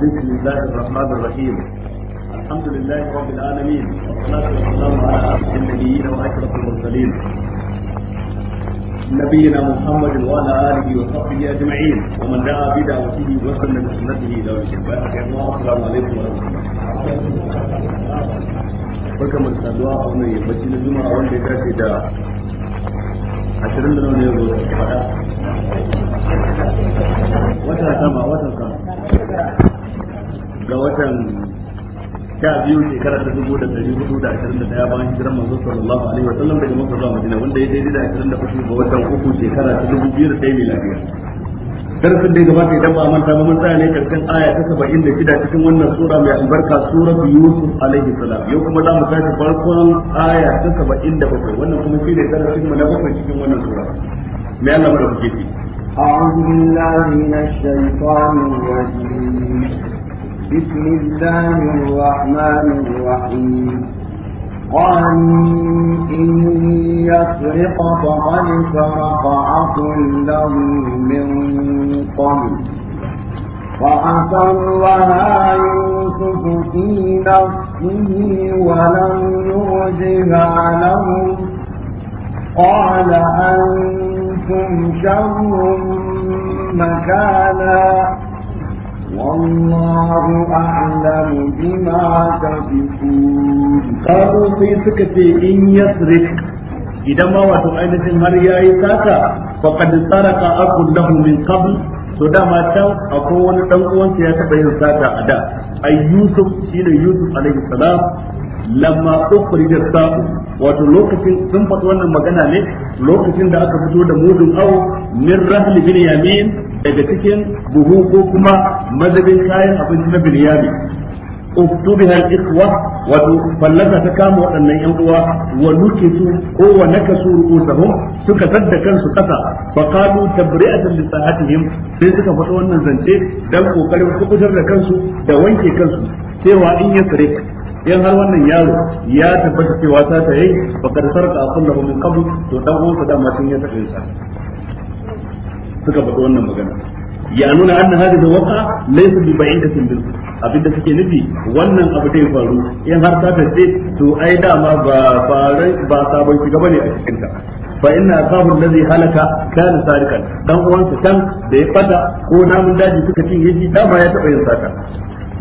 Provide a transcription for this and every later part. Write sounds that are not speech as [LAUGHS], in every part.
بسم الله الرحمن الرحيم الحمد لله رب العالمين والصلاة والسلام على أشرف النبيين وأشرف المرسلين نبينا محمد وعلى آله وصحبه أجمعين ومن دعا بدعوته وسلم بسنته إلى وجه الدين السلام عليكم ورحمة الله barkamu da saduwa a wannan yammaci na juma'a wanda ya dace da ashirin da nauyin ruwa faɗa wata sama watan sama ga watan sha biyu shekara ta dubu da dari hudu da ashirin da daya bayan hijiran manzo sallallahu alaihi wa sallam daga Makka zuwa Madina wanda ya daidai da ashirin da uku ga watan uku shekara ta dubu biyu da ɗaya miladiya darasin da gabata idan ba manta ba mun tsaya ne karshen aya ta saba'in da shida cikin wannan sura mai albarka sura Yusuf alaihi salam yau kuma za mu tashi farkon aya ta saba'in da bakwai wannan kuma shi ne darasin mu na bakwai cikin wannan sura mai Allah mara kuke fi أعوذ بالله من الشيطان الرجيم بسم الله الرحمن الرحيم قال إن يسرق فقد سرق عقل له من قبل فأسرها يوسف في نفسه ولم يرجها لهم قال أنتم شر مكانا والله أعلم بما تصفون قالوا في idan ma wato ainihin har ya yi sata faqad saraka akun lahu min qabl to dama can akwai wani dan uwansa ya taba yin sata a da a yusuf shine yusuf alaihi salam lamma ukhrija sa'u wato lokacin sun faɗi wannan magana ne lokacin da aka fito da mudun awo min rahl bin daga cikin buhu ko kuma mazabin kayan abinci na bin yamin uktubiha ikhwa wato fallaka ta kama waɗannan yan uwa wa nukisu ko wa nakasu ru'usahum suka sadda kansu kasa fa qalu tabri'atan li sahatihim sai suka faɗi wannan zance dan kokarin kubutar da kansu da wanke kansu cewa in ya in har wannan yaro ya tabbata cewa ta ta yi bakar sarka a kullu min kabu to dan uwansa da matan ya tafi sa suka faɗi wannan magana ya nuna anna hadhihi waqa laysa bi ba'idatin bil abinda suke nufi wannan abu da ya faru in har ta ta ce to ai dama ba faran ba sabon shiga ne a cikin ta fa inna asahu alladhi halaka kana sarikan dan uwansa kan da ya fada ko namun daji suka cinye shi dama ya taɓa yin sata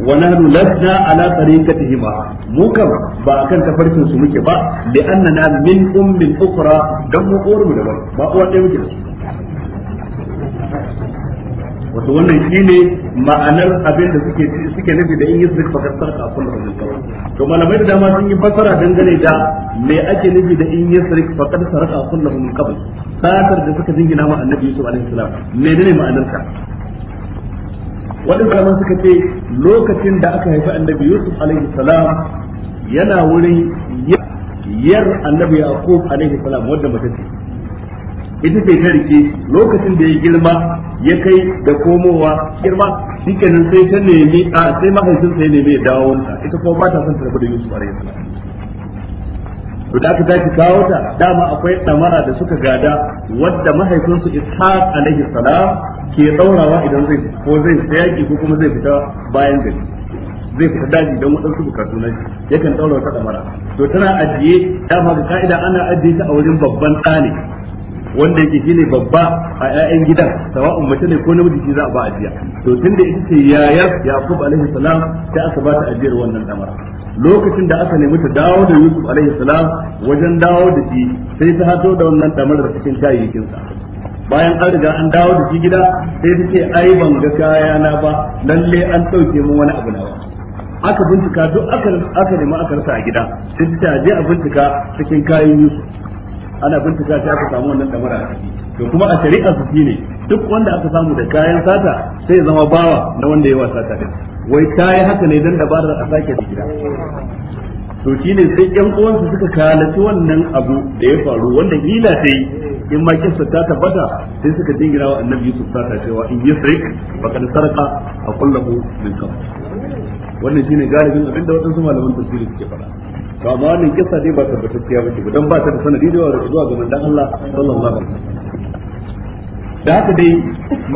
ونحن لسنا على ala tariqatihima mu kam ba akan tafarkin su muke ba li annana min ummin ukhra dan mu mu daban ba uwa ɗaya wannan shine ma'anar abin da suke suke da in yusrik fakar sarka kun da to malamai da dama sun yi fasara dangane da me ake nufi da in yusrik fakar sarka kun da wannan kawai satar da suka jingina annabi yusuf alaihi salam menene ma'anar ka Waɗanda zaman suka ce lokacin da aka haifi annabi yusuf alaihi salam yana wurin yar annabi yaqub alaihi salam wanda mace ce ita ce ta rike lokacin da ya girma ya kai da komowa girma shikenan sai ta nemi a sai mahaifinsa ya nemi ya dawo wanta ita kuma ba ta son ta rabu da Yusuf alaihi salam to da aka dace kawo ta dama akwai damara da suka gada wadda mahaifinsu ishaq alaihi salam ke daurawa idan zai ko zai yaki ko kuma zai fita bayan gari zai fita daji don waɗansu bukatu na shi yakan daura wata damara to tana ajiye dama ga ka'ida ana ajiye ta a wurin babban tsani wanda yake shine babba a ƴaƴan gidan sawa'un mace ne ko namiji shi za a ba ajiya to tunda ita ce yayar yaqub alaihi salam ta aka ba ta ajiyar wannan damara lokacin da aka nemi ta dawo da Yusuf alaihi salam wajen dawo da shi sai ta hato da wannan da cikin kayayyakin sa bayan an riga an dawo da shi gida sai ta ce ai ban ga kaya na ba lalle an dauke mu wani abu nawa aka bincika duk aka aka nemi aka rasa a gida sai ta je a bincika cikin kayan Yusuf ana bincika sai aka samu wannan damara a ciki to kuma a shari'a su shine duk wanda aka samu da kayan sata sai ya zama bawa na wanda ya wasa sata din wai ta yi haka ne don dabarar a sake gida to shi ne sai yan uwansu suka kalaci wannan abu da ya faru wanda hila ta yi in ma kisa ta tabbata sai suka jingina wa annabi Yusuf sata cewa in yi sai baka da sarka a kullabu min kama. wannan shine galibin abin da waɗansu malaman tafsiri suke faɗa to amma wannan kisa dai ba tabbatacciya bace ba dan ba ta da sanadi da yawa zuwa ga manzon Allah sallallahu alaihi wasallam da haka dai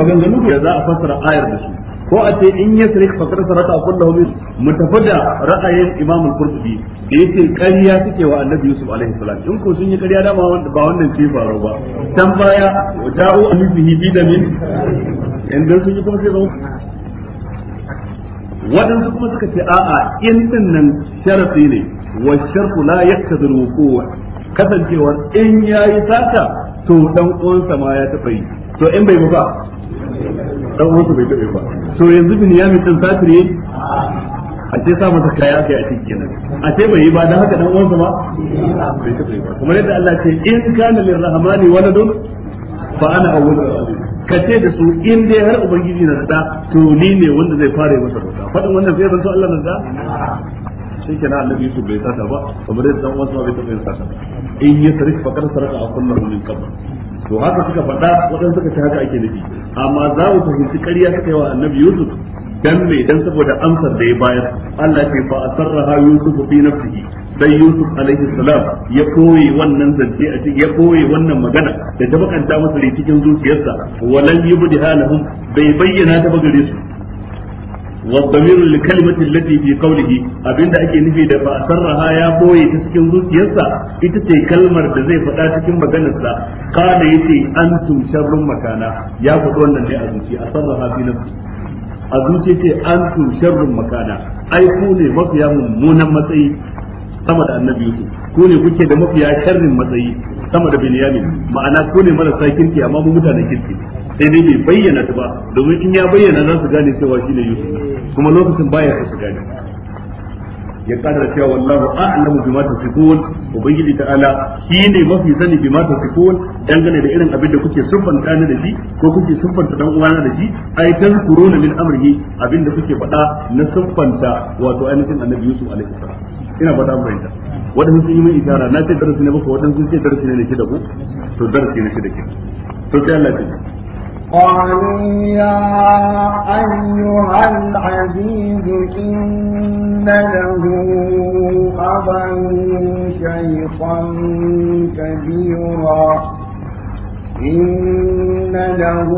maganganu da za a fassara ayar da su ko a ce in yasrik fa kada sarata kullahu min mutafada ra'ayin imam al-qurtubi da yake ƙarya suke wa annabi yusuf alaihi salam in ko sun yi ƙarya da ba wannan ce faru ba dan baya da'u amihi bidamin inda sun yi kuma sai zama waɗansu kuma suka ce a'a in din nan sharafi ne wa sharfu la yaqtadi al-wuqu' kasancewar in yayi sata to dan uwansa ma ya tafi to in bai ba dan uwansa bai taɓa ba to yanzu bin ya mutum satire a ce sa masa kaya kai a cikin nan a ce bai yi ba dan haka dan uwansa ma bai taɓa ba kamar yadda Allah ce in kana rahmani waladun fa ana awwalul ka ce da su in dai har ubangiji na da to ni ne wanda zai fara masa bauta fadin wannan sai zanto Allah na da shi kenan annabi Yusuf bai sata ba kuma dai dan sa bai taɓa yin sata in ya sarki fakar sarka a kullum min kabar to haka suka faɗa waɗansu suka ce haka ake nufi amma za mu fahimci ƙarya suka yi wa annabi yusuf dan me dan saboda amsar da ya bayar Allah ce fa asarraha yusuf fi nafsihi dan yusuf alaihi salam ya koyi wannan zance a cikin ya koyi wannan magana da ta bakanta masa cikin zuciyarsa walan yubdiha lahum bai bayyana ta bagare su والضمير لكلمة التي في قوله أبين دا أكي نفي دا فأسرها يا بوي تسكن روس يسا إتتي كلمة دزي زي فتا تكن قال يتي أنتم شر مكانا يا فتوانا لي أزوتي أسرها في نفسي أزوتي تي أنتم شر مكانا أي كوني مفيا من منا متأي سمد النبي يوسف ku ne kuke da mafiya sharrin matsayi sama da binyamin ma'ana ku ne marasa kirki amma mu mutane kirki sai dai bai bayyana ta ba domin in ya bayyana za su gane cewa ne yusuf kuma lokacin baya su gane ya da cewa wallahu a'lamu bima tasifun ubangiji ta'ala ne mafi sani bima tasifun dangane da irin abin da kuke sunfanta ni da shi ko kuke sunfanta dan uwana da shi ai kuruna min amrihi abin da kuke faɗa na sunfanta wato ainihin annabi yusuf alaihi salam ina faɗa fahimta wadanda sun yi mai isharar na ce darasi ne ba wadanda sun ce darasi ne da ku to darasi ne shida ke to sai Allah ce قالوا يا أيها العزيز إن له أبا شيخا كبيرا إن له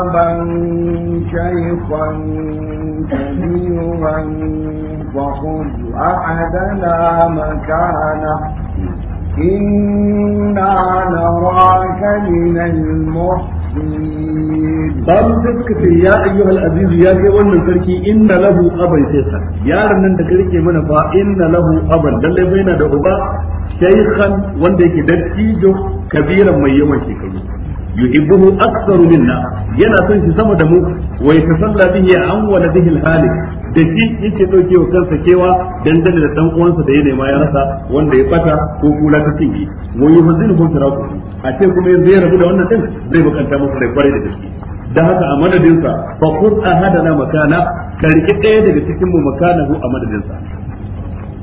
أبا شيخا كبيرا فخذ أحدنا مكانه إنا نراك من المحسنين باب تفكت يا أيها العزيز يا كيوان من تركي إن له أبا يسيسا يا رنن تكريكي من فا إن له أبا للي بينا دعوبا شيخا وانديك دكتيجو كبيرا من يوم الشيخي yuhibbuhu aktsaru minna yana son shi sama da mu wa yatasalla bihi an waladihi al-halik da shi yake dauke wa kansa kewa dan da dan uwansa da ya nema ya rasa wanda ya fata ko kula ta tinki wa yuhzinu hum taraku a ce kuma yanzu ya rabu da wannan din zai bukanta masa da kwarai da gaske dan haka a madadinsa fa khud ahadana makana karki daya daga cikin mu hu a madadinsa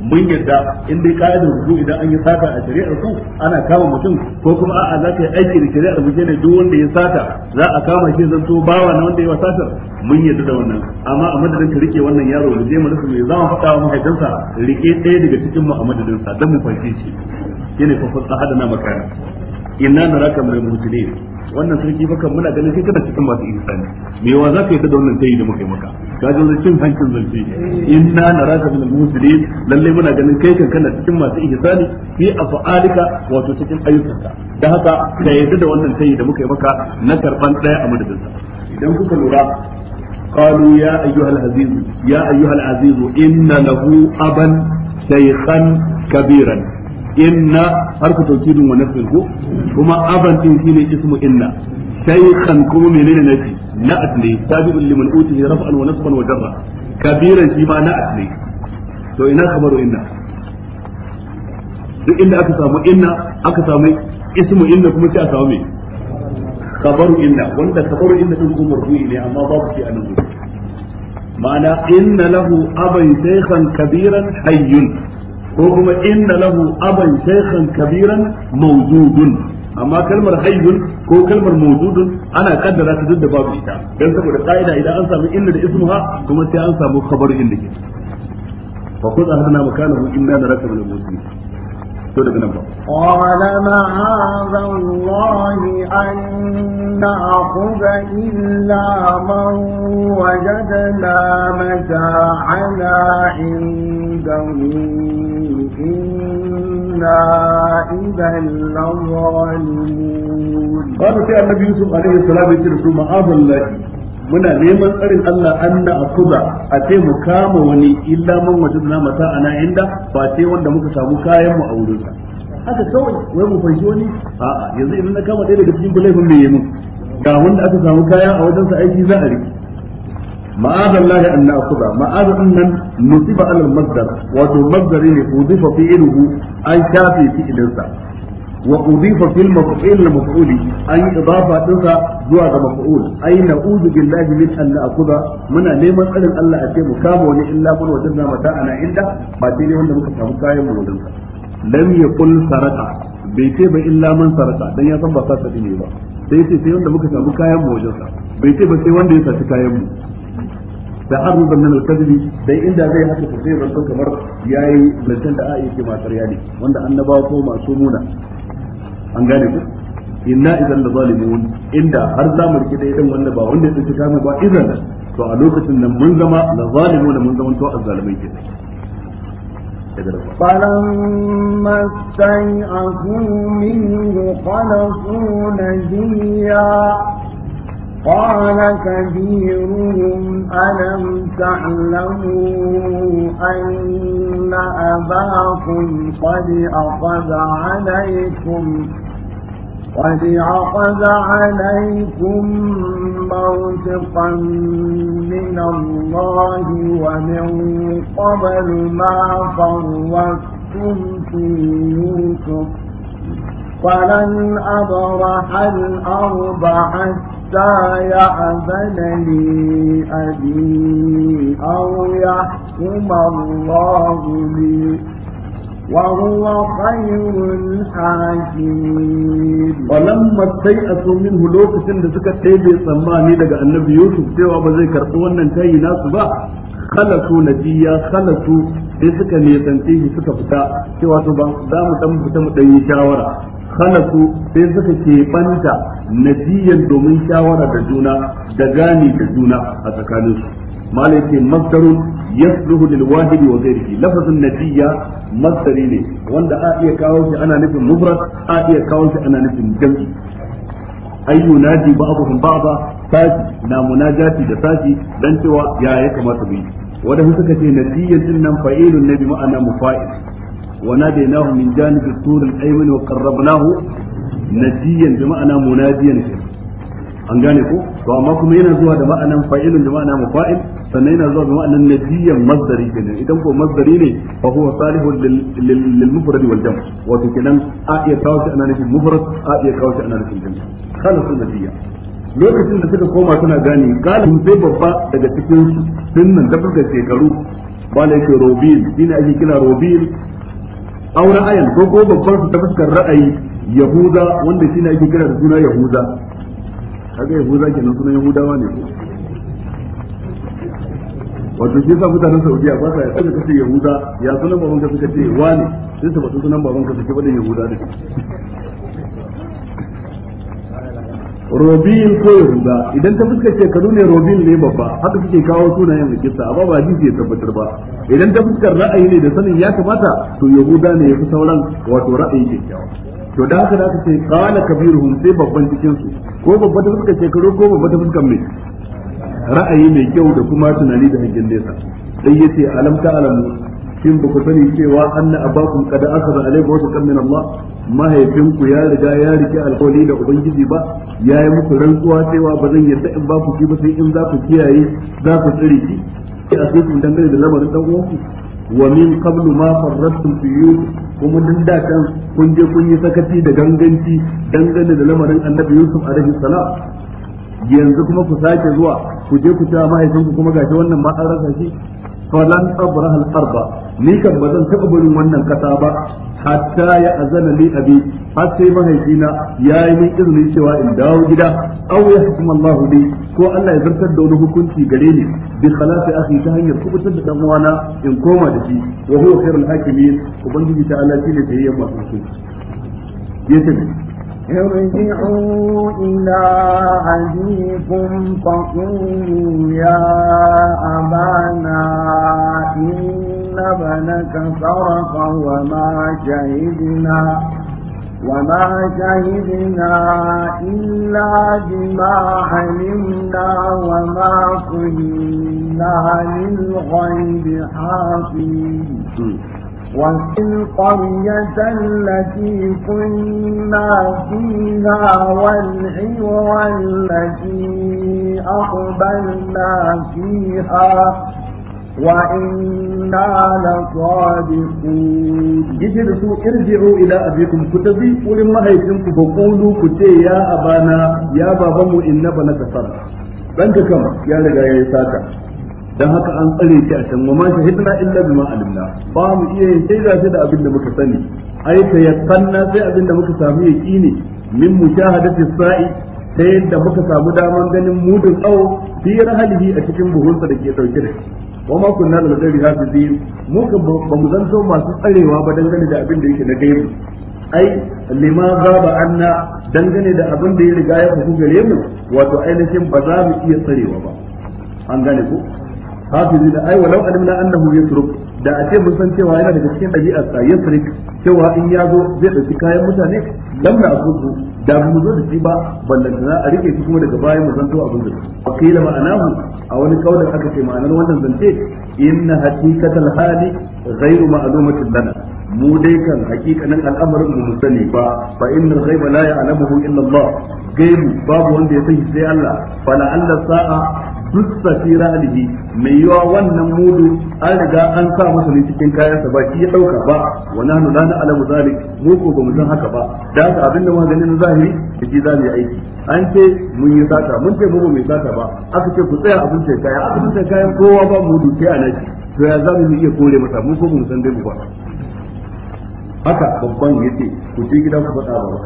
mun yadda in dai ka'idar rubu idan an yi sata a shari'ar su ana kama mutum ko kuma a'a za ka yi aiki da shari'ar mu ne duk wanda ya sata za a kama shi zan to bawa na wanda ya sata mun yadda da wannan amma a madadin ka rike wannan yaro da zai mu rasa za mu faɗa wa mahaifinsa rike ɗaya daga cikin mu a madadin sa dan mu fanke shi yana fa hada na makara inna naraka min al-muhtadin wannan sarki baka muna ganin kai kada cikin masu ihsani me yawa zaka yi da wannan tayi da muke maka ka ji cin hankin zance inna naraka min al-muhtadin lalle muna ganin kai kan kana cikin masu ihsani fi afalika wato cikin ayyukanka dan haka ka yarda da wannan tayi da muke maka na karban daya a madadin sa idan kuka lura قالوا يا أيها العزيز يا أيها العزيز إن له أبا شيخا كبيرا inna harfu tawkidun wa nasbin ko kuma aban din ne ismu inna shaykhan kuma menene nafi na'at ne tabi'un liman utihi raf'an wa nasban wa jarra kabiran shi ma na ne to ina khabaru inna duk inda aka samu inna aka samu ismu inna kuma sai a samu me khabaru inna wanda khabaru inna din kuma marfu'i ne amma babu shi a nan gudu ma'ana inna lahu aban shaykhan kabiran hayyun ko kuma inna lahu aban shaykhan kabiran mawjudun amma kalmar hayyun ko kalmar mawjudun ana kaddara ta duk da babu ita dan saboda kaida idan an samu inna da ismuha kuma sai an samu khabar inda ke fa kuza hadana makanahu inna naraka min al-mujrimin to daga nan ba قال معاذ الله أن نأخذ إلا من وجدنا متاعنا عنده إنا إذا لظالمون قال في النبي يوسف عليه السلام يقول معاذ الله muna neman tsarin Allah an da akuza a ce mu kama wani illa man na mata ana inda ba sai wanda muka samu kayan mu a wurinsa haka kawai wai mu fanshi wani a'a yanzu idan na kama ɗaya daga cikin laifin mai yi mun ga wanda aka samu kaya a wajen sa aiki za a riki Ma'aza Allah an na'khudha ma'az annan nusiba ala al-masdar wa tu masdari li udifa fi ilhu an shafi fi ilsa wa udifa fi al-maf'ul al-maf'uli an idafa dinsa zuwa ga maf'ul ay na'udhu billahi min an na'khudha muna neman alin Allah a ce mu kama wani illa mun wajanna mata ana inda ba dai ne wanda muka samu kayan mu wajen sa lam yaqul saraqa bai ce ba illa man saraqa dan ya san ba sa ne ba sai ce wanda muka samu kayan mu wajen sa bai ce ba sai wanda ya saci kayan mu da ta'arruban min al-kadhibi dai inda zai haka ta sai zanto kamar yayi zancen da ayi ke matar yadi wanda annabawa ko masu muna an gane ku inna idan la zalimun inda har zamu rike dai dan wanda ba wanda yake kama ba idan to a lokacin nan mun zama la zalimun mun zama to azzalimai ke فلما استيئسوا منه خلصوا نجيا قال كبيرهم ألم تعلموا أن أباكم قد أخذ عليكم قد أخذ عليكم موثقا من الله ومن قبل ما فرطتم في يوسف فلن أبرح الأرض حتى حتى يأذن لي أبي أو يحكم الله لي وهو خير الحاكمين ولما استيأسوا منه لوك سند لسكة تيبي سماني لقى النبي يوسف سوى بزي كرتوانا تاي ناس با خلصوا نجيا خلصوا sai suka nisance فتا suka fita cewa to ba za mu khalasu sai suka keɓanta najiyan domin shawara da juna da gani da juna a tsakaninsu malai ce masdarun yasluhu lil wahidi wa ghairihi lafazun nadiya masdari ne wanda a iya kawo shi ana nufin mufrad a iya kawo shi ana nufin jam'i ay yunadi ba'dhum ba'dha sashi na munajati da sashi dan cewa ya ya kamata mu yi wanda suka ce nadiyan din nan fa'ilun nabi ma'ana mufa'il وناديناه من جانب الطور الأيمن وقربناه نجيا بمعنى مناديا an gane ko to amma kuma yana zuwa da ma'anan fa'ilun da ma'ana mufa'il sannan yana zuwa da ma'anan nadiyan masdari kenan idan ko masdari ne fa huwa salihun lil mufrad wal jam wato kenan a iya kawo shi ana nufin mufrad a iya kawo shi ana nufin jam khalasun nadiya lokacin da suka koma suna gane galin sai babba daga cikin sunnan da fuskar shekaru ba la yake robin ina ake kira robin aure ayan ko ko babban su ta fuskar ra'ayi yahuda wanda shi ne yake kira da suna yahuda kaga yahuda kenan suna yahudawa ne ko wato shi sa mutanen Saudiya ba sa yadda kace yahuda ya sunan babanka suka ce wani sai su faɗi sunan babanka suke faɗin yahuda da robin ko yahuda idan ta shekaru ne robin ne babba haka suke kawo sunayen da kisa amma ba hadisi ya tabbatar ba idan ta fuskar ra'ayi ne da sanin ya kamata to yahuda ne yafi sauran wato ra'ayi kyakkyawa to da haka da aka ce qala kabiruhum sai babban cikin su ko babba ta fuskar shekaru ko babba ta fuskar mai ra'ayi mai kyau da kuma tunani da hangen nesa sai yace alam ta alamu shin ba ku sani cewa anna abakum kada akhadha alaykum wasaqan min Allah mahaifinku ya riga ya rike alkawari da ubangiji ba ya yi muku rantsuwa cewa ba zan yarda in ba ku ki ba sai in za ku kiyaye za ku tsare ki a sai kun dangane da lamarin dan uwanku wa min qablu ma farrattum fi yusuf kuma din da kan kun je kun yi sakati da ganganci dangane da lamarin annabi yusuf alaihi salam yanzu kuma ku sake zuwa ku je ku ta mahaifinku kuma gashi wannan ma an rasa shi falan abraha al-arba ni kan bazan taba barin wannan kasa ba hatta ya azana li abi har sai mahaifina yi min izinin cewa in dawo gida aw ya hukuma Allah li ko Allah ya zartar da wani hukunci gare ni bi khalasi akhi ta hanyar kubutar da dan uwana in koma da shi wa huwa khairul hakimin ubangiji ta Allah ne da yayin masu hukunci yace ارجعوا إلى أبيكم فقولوا يا أبانا إن ابنك سرق وما شهدنا وما شهدنا إلا بما علمنا وما كنا للغيب حافظين وفي القرية التي كنا فيها والعير التي أقبلنا فيها وإنا لصادقون يجي رسول ارجعوا إلى أبيكم كتبي ولما هيتمكم فقولوا كتي يا أبانا يا بابا إن بنك سرق بنك كم يا لغاية ساتا dan haka an tsare shi a can wama shahidna illa bima alimna ba mu iya yin sai da abin da muka sani ai ta yakanna sai abin da muka samu ne. min mushahadati sa'i ta yadda muka samu daman ganin mudun au fi rahalihi a cikin buhunsa da ke dauke da shi wa ma kunna da gari hafizin mu kan ba mu zanto masu tsarewa ba dangane da abin da yake na gaibi ai lima gaba anna dangane da abin da ya riga ya faru gare mu wato ainihin ba za mu iya tsarewa ba an gane ko hafizi aiwa ai walau alimna annahu yasruk da a ce mun san cewa yana daga cikin dabi'a sa yasruk cewa in ya zo zai dauki kayan mutane lam na akuzu da mu zo da shi ba ballantana a rike shi kuma daga baya mu zanto abin da wakila ma'anahu a wani kaulin aka ce ma'anar wannan zance inna haqiqatal hali ghairu ma'lumatin lana mu dai kan hakikanin al'amarin mu sani ba fa innal ghaiba la ya'lamuhu illa Allah gaibu babu wanda ya sani sai Allah fala Allah sa'a dussa fi ra'alihi mai wa wannan mudu an riga an sa masa ne cikin kayan sa ba shi ya dauka ba wa nahnu na alamu zalik mu ko ba mu san haka ba da haka abin da magani na zahiri da shi za mu yi aiki an ce mun yi sata mun ce mu ba mu yi sata ba aka ce ku tsaya abin ce kaya aka ce kayan kowa ba mudu sai a naci to ya za mu iya kore masa mu ko ba mu san dai mu ba haka babban yace ku je gida ku faɗa ba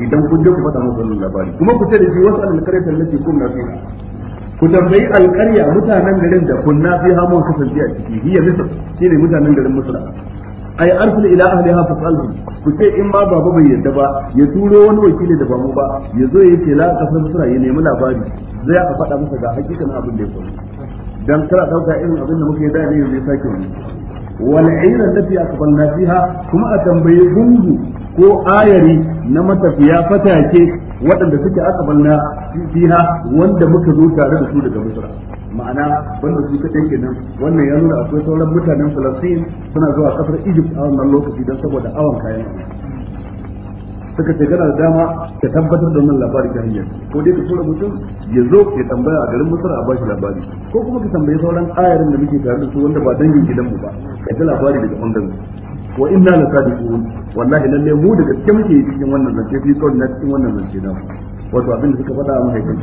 idan kun je ku faɗa musu wannan labari kuma ku ce da shi wasu alƙaryatar nake kun na fiha ku tambayi alƙarya mutanen garin da kunna fi hamon kasance a ciki hiya misr shine mutanen garin misra ay arsil ila ahliha fasalhu ku ce in ma baba bai yarda ba ya turo wani wakili da ba mu ba ya zo ya ce la kasar misra ya nemi labari zai a faɗa masa ga hakikan abin da ya faru dan kara dauka irin abin da muka yi da ne ya sake wani wal ayra allati aqbalna fiha kuma a tambayi gungu ko ayari na matafiya fatake waɗanda suke akabalna fiha wanda muka zo tare da su daga Misra ma'ana banda su kaɗai kenan wannan ya nuna akwai sauran mutanen Falastin suna zuwa kasar Egypt a wannan lokaci don saboda awon kayan suka ce kana da dama ka tabbatar da wannan labari ta hanyar ko dai ka tura mutum ya zo ya tambaya a garin Misra a bashi labari ko kuma ka tambayi sauran ayarin da muke tare da su wanda ba dangin gidanmu ba ka ji labari daga bangaren wa inna la sadiqun wallahi nan ne mu da gaske muke cikin wannan zance fi kawai na cikin wannan zance na wato abin da suka faɗa a mahaifin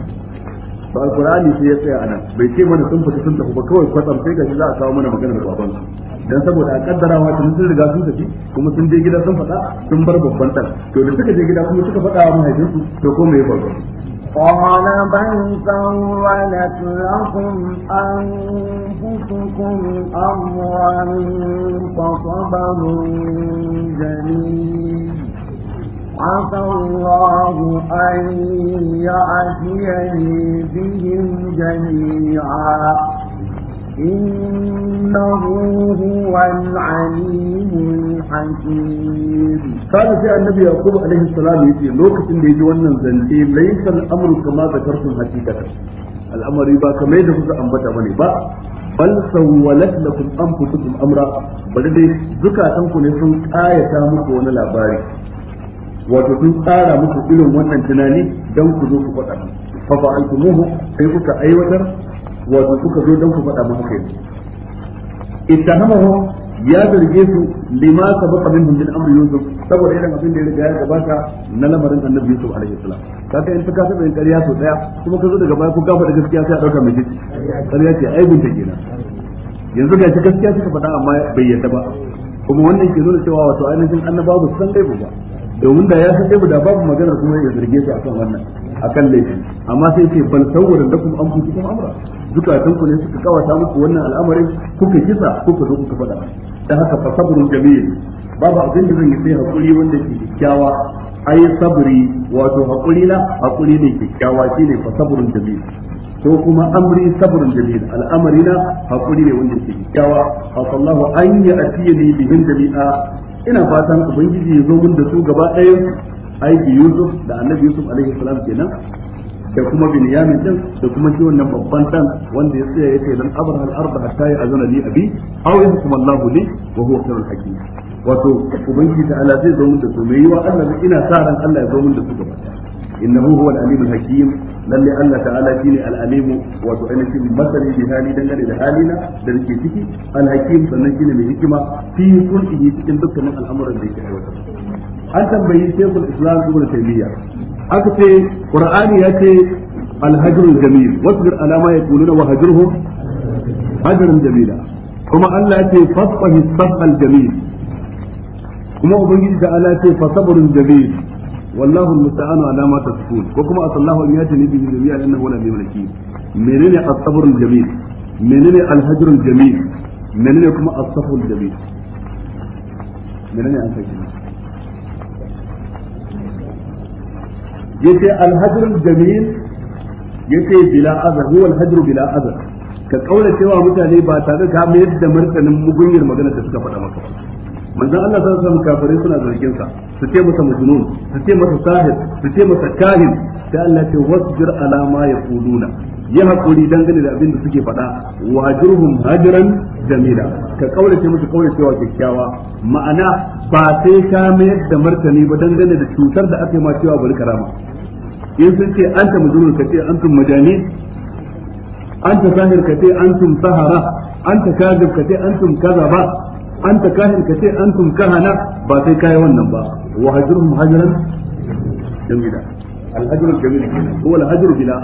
ba alqur'ani sai ya tsaya a nan bai ce mana sun fita sun tafi ba kawai kwatsam sai gashi za a kawo mana magana da baban dan saboda a kaddarawa tun sun riga sun tafi kuma sun je gida sun faɗa sun bar babban dan to da suka je gida kuma suka faɗa mahaifin su to ko me ya faru قال بل سولت لكم أنفسكم أمرا فصبر جميل عسى الله أن يأتيني بهم جميعا إنه هو العليم الحكيم قال في النبي يعقوب عليه السلام يجي لوكة اللي يجي وانا زنتي ليس الأمر كما ذكرتم حقيقة الأمر يبقى كما يدفز أنبتا مني بقى بل سولت لكم أنفسكم أمرا بل دي زكاة كن يسون آية مكو وانا لاباري wato sun tsara muku irin wannan tunani don ku zo ku faɗa fa fa'altumuhu sai kuka aiwatar wato suka zo don ku faɗa mu haka yanzu ittahamahu ya zarge su lima sabaqa minhum min amri yusuf saboda irin abin da ya riga ya gabata na lamarin annabi yusuf alaihi salam kaka in ka taɓa yin ƙarya so daya kuma ka zo daga baya ko gafa da gaskiya sai a dauka mai jiki ƙarya ce aibin ta kenan yanzu ga shi gaskiya suka faɗa amma bai yadda ba kuma wannan ke nuna cewa wato ainihin annabawa ba su san gaibu ba domin da ya sace aibu da babu maganar kuma ya zarge su akan wannan akan laifi amma sai ce bal kuma lakum anfusukum amra zukatan ku ne suka kawata muku wannan al'amarin kuka kisa kuka zo kuka faɗa dan haka fa sabrun jamil babu abin da zan yi sai hakuri wanda ke kyakkyawa ai sabri wato hakuri na hakuri ne kyakkyawa shine fa sabrun jamil ko kuma amri sabrun jamil al'amari na hakuri ne wanda ke kyakkyawa fa sallahu an ya atiyani bihin jami'a ina fatan ubangiji ya zo mun da su gaba ɗaya aiki yusuf da annabi yusuf alaihi salam kenan da kuma bin binyamin din da kuma shi wannan babban dan wanda ya tsaya yace dan abraha al-ardh hatta ya azana li abi aw yahkum Allahu li wa huwa khairul hakim wato ubangiji ta ala zai zo mun da su mai yiwa Allah ina sa ran Allah ya zo mun da su gaba ɗaya innahu huwal alim hakim lalle Allah ta'ala shine al alim wato ainihin masari bi hali dangane da halina da nake ciki al hakim sannan shine mai hikima fi kulli cikin dukkanin al'amuran da yake aiwatar an tambayi shekul islam ibn taymiya aka ce qur'ani ya ce al hajrul jamil wasbir ala ma yaquluna wa hajruhum hajran jamila kuma Allah ya ce fasfahi sabal jamil kuma ubangiji da Allah ce fasabrun jamil wallahu musta'anu ala ma ko kuma asallahu an yatini bihi jami'a innahu wala bi malaki menene as-sabrul jamil menene al-hajrul jamil menene kuma as-saful jamil menene an sake yace al-hajrul jamil yace bila azar huwa al bila azar ka kaura cewa mutane ba tare ka mayar da martanin mugunyar magana da suka faɗa maka manzon Allah sallallahu alaihi wasallam kafirai suna zargin sa su ce masa majnun su ce masa sahir su ce masa kahin sai Allah ce wasbir ala ma yaquluna ya hakuri dangane da abin da suke faɗa wajruhum hajran jamila ka kaurace musu kauracewa kyakkyawa ma'ana ba sai ka mayar da martani ba dangane da cutar da aka yi ma cewa bari karama in sun ce anta majnun ka ce antum majani ta sahir ka ce tun sahara An ta kadhib ka ce tun kaza ba anta kahin ka ce antum kahana ba sai kai wannan ba wa hajruhum jamila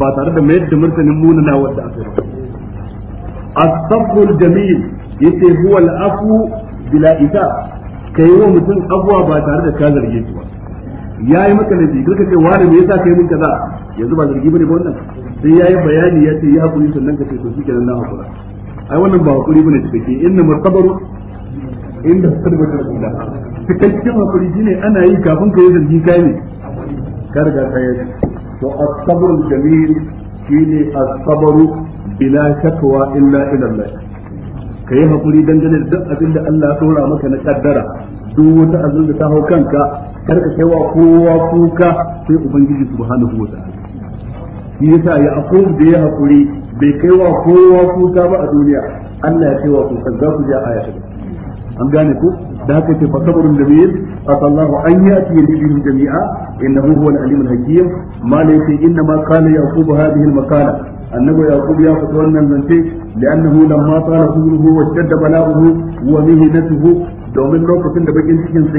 ba tare da mayar da martanin munana wanda aka yi as-sabr jamil yace huwa afu bila isa mutum abuwa ba tare da ka zarge shi ba yayi maka laifi kirka ce wani kai yanzu ba zargi bane ba wannan sai yi bayani ya hakuri sannan ka ce to shikenan na hakura ai wannan ba hakuri bane da kake inna martabaru inda sarbatar kula cikakken hakuri shine ana yi kafin ka yi zargi kai ne ka riga ka yi to as-sabru jamil shine as-sabru bila shakwa illa ila Allah yi hakuri dangane da duk abin da Allah ya tura maka na kaddara duk wata azun da ta hau kanka kar ka kaiwa kowa kuka sai ubangiji subhanahu wa ta'ala shi yasa ya aqub da ya hakuri bai kai wa kowa kuka ba a duniya Allah ya ce wa kuka za ku ji aya ta an gane ku da haka ce fa sabrun fa asallahu an yati yadihim jami'a innahu huwal alim al hakim ma la yati inna ma qala yaqub hadhihi al makala annabi yaqub ya fito wannan zance li'annahu lamma tala umruhu wa shadda bala'uhu wa mihnatuhu domin lokacin da bakin cikin sa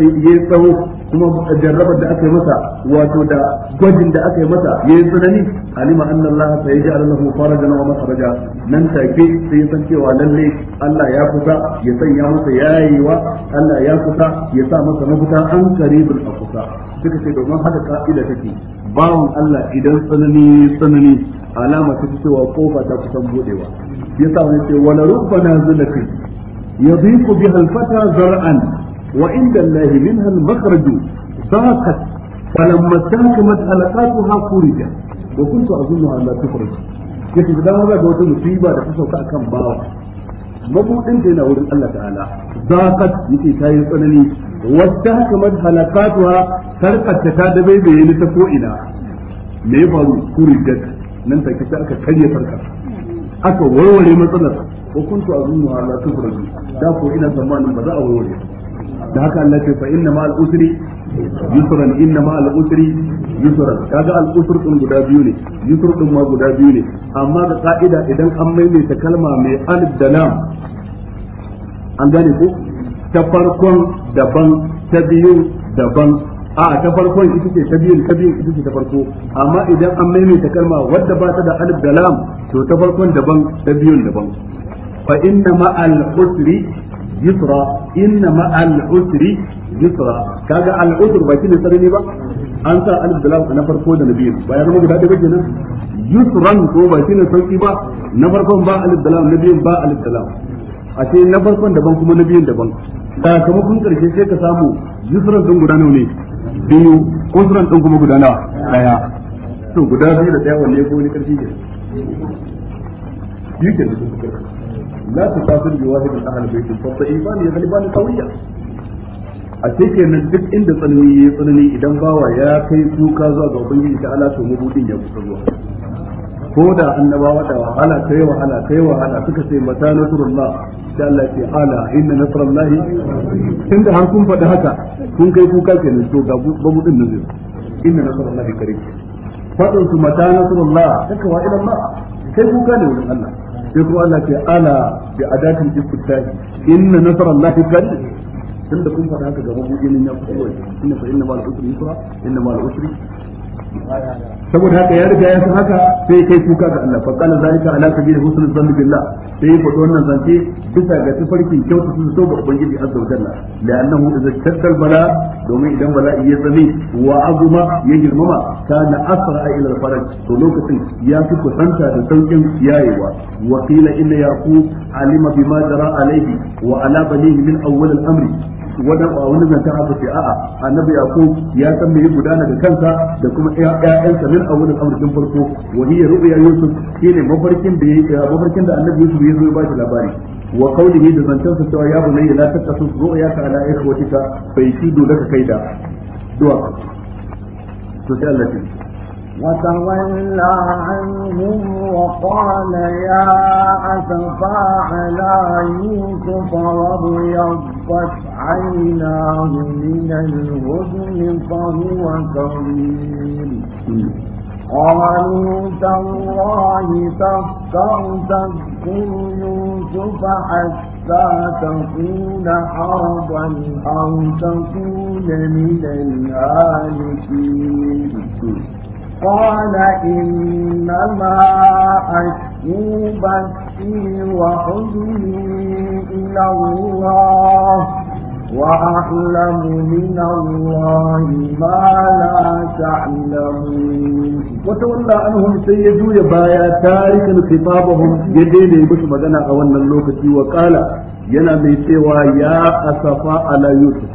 yayi tsawo kuma jarrabar da aka yi masa wato da gwajin da aka yi masa yayi tsanani alima anna Allah yi ya lahu farajan wa makharaja nan take sai ya san cewa lalle Allah ya kusa ya sanya masa yayewa Allah ya kusa ya sa masa mafita an karibul kusa. suka ce domin haka ka'ida take bawan Allah idan tsanani tsanani alama ta cewa kofa ta kusan budewa yasa wani ce wala rubbana zulatin يضيق بها الفتى زرعا وعند الله منها المخرج ضاقت فلما استنكمت حلقاتها فرجت وكنت اظنها لا تخرج yake da dama da wata musiba da ta sauka akan bawa mabudin da yana wurin Allah ta'ala zakat yake ta yi tsanani wata haka mad halakatuha sarkata ta da bai ta ko'ina. ina me aka karya sarkar aka warware matsalar wa kuntu azunnu ala tufraju da ko ina tsammanin ba za a warware da haka Allah ce fa inna ma al-usri yusran inna ma al-usri yusran kaga al-usr din guda biyu ne yusr din ma guda biyu ne amma da ka'ida idan an maimaita kalma mai alif da lam an gane ko ta farkon daban ta biyu daban a ta farkon ita ce ta biyun ta biyun ita ce ta farko amma idan an maimaita kalma wadda ba ta da alif da lam to ta farkon daban ta biyun daban fa inna ma'al usri yusra inna ma'al usri yusra kaga al usr ba shine sarani ba an alif da lam na da nabiyin ba ya zama guda da bace nan ko ba shine sauki ba na ba alif da lam nabiyin ba alif da lam a ce na farkon daban kuma nabiyin daban sakamakon karshe sai ka samu yusran din guda ne biyu usran kuma la tuqatil bi wahidin ahli baitin fa sa'ifan ya galiban qawiyya a cikin nan duk inda tsanani yayi tsanani idan bawa ya kai kuka zuwa ga ubangiji ta Allah to ya kusa zuwa ko da annabawa da wahala kai wahala kai wahala suka ce mata nasrullah sai Allah ya ala inna nasrullahi tunda har kun faɗi haka kun kai kuka kenan to ga mabudin nan zai inna nasrullahi qarib fadin su mata kai kuka Allah sai kuma Allah ke ala bi adatin istiftahi inna nasrallahi qad tunda kun faɗa haka gaban mujinin ya kuwa inna fa inna ma'al usri yusra inna al' usri saboda haka ya riga ya san haka sai kai kuka ga Allah fa qala zalika ala sabil husn zanni billah sai fa wannan zance bisa ga tafarkin kyautu sun so ga ubangiji azza wa jalla hudu idza takkal bala domin idan bala ya zani wa azuma ya girmama kana asra ila al-faraj to lokacin ya fi kusanta da saukin yayewa wa qila inna yaqub alima bima jara alayhi wa ala banihi min awwal al-amri wani wani zancen abu ce a'a annabi yaqub ya san me ya gudana da kansa da kuma ƴaƴansa min awwalin amrin farko ya hiya ru'ya yusuf ne mafarkin da ya mafarkin da annabi yusuf ya zo ya ba shi labari wa qawlihi da zancen sa cewa ya bunayya la taqasu ka ala ikhwatika bai yashidu laka kaida du'a to sai Allah ya وتولى عنهم وقال يا أسفى على يوسف وابيضت عيناه من الهدن فهو كريم قالوا تالله تفتر تذكر يوسف حتى تكون حربا أو تكون من الهالكين قال إنما أشكو بثي وحزني إلى الله وأعلم من الله ما لا تعلمون wata wanda an sai ya juya baya tarikin kifabahum ya daina yi magana a wannan lokaci wa kala yana mai cewa ya asafa ala yusuf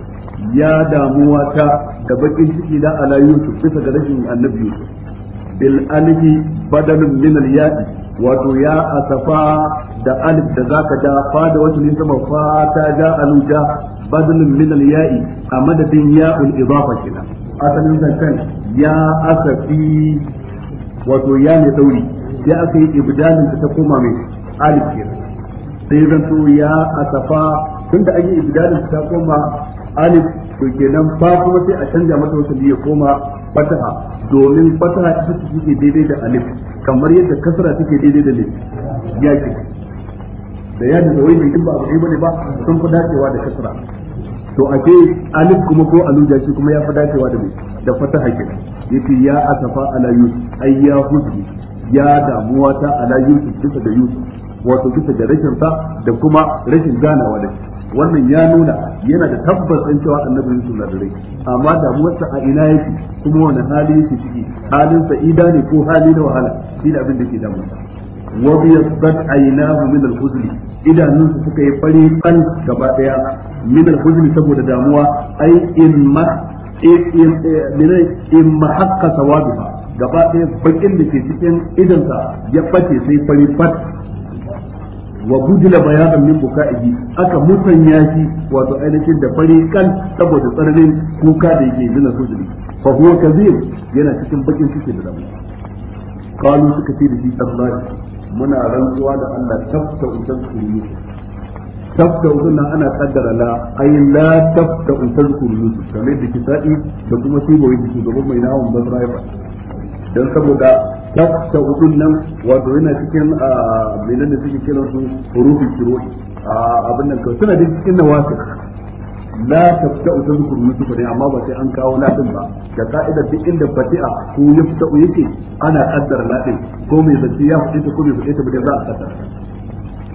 ya damuwa ta da bakin ciki da ala yusuf bisa ga rashin annabi yusuf bil alifi badalun min al ya'i wato ya asafa da alif da zaka da fa da wata ne sama fa ta ga aluja badalun min al ya'i a madadin ya'ul idafa kenan asalin zancen ya asafi wato ya ne dauri ya aka yi ibdalin ta koma mai alif kenan sai zanto ya asafa tunda an yi ibdalin ta koma alif to kenan ba kuma sai a canja mata wasali ya koma fataha domin fataha ita take daidai da alif kamar yadda kasra take daidai da alif ya ke da ya da wai mai ba abu bane ba sun fi dacewa da kasra to a ce alif kuma ko aluja shi kuma ya fi dacewa da mai da fataha ke yace ya asafa ala yusuf ai ya huzni ya damuwa ta ala yusuf bisa da yusuf wato bisa da rashin sa da kuma rashin ganawa da shi wannan ya nuna yana da tabbas ɗin cewa annabi Yusuf na da rai amma damuwarsa a ina yake kuma wani hali yake ciki halin sa'ida ne ko hali na wahala shi da abin da ke damu wa biyaddat aynahu min al-huzn idanunsu suka yi fari kan gaba daya min al-huzn saboda damuwa ai in ma eh, in eh, ma haqqa sawabiha gaba daya bakin da ke cikin sa ya bace sai fari fat wa budila bayanan min buka'ihi aka musanya shi wato ainihin da fari kan saboda tsananin kuka da yake dina sujudi fa huwa kazib yana cikin bakin ciki da damu kalu suka ce da shi tallahi muna rantsuwa da Allah tafta utan kuru tafta utan ana kaddara la ay la tafta utan kuru kamar da kitai da kuma sibawai da shugaban mai nawon basra ya dan saboda dakta hudun nan wato yana cikin ah, menan da suke kiran su hurufin shiru'i ah, abin nan kawai suna da cikin nawasir la tafta utun kurmutu ne amma ba sai an kawo ladin ba da ka'ida duk inda fati'a ko yafta yake ana kaddara ladin ko mai zaci ya fita ko mai fita ba za a kaddara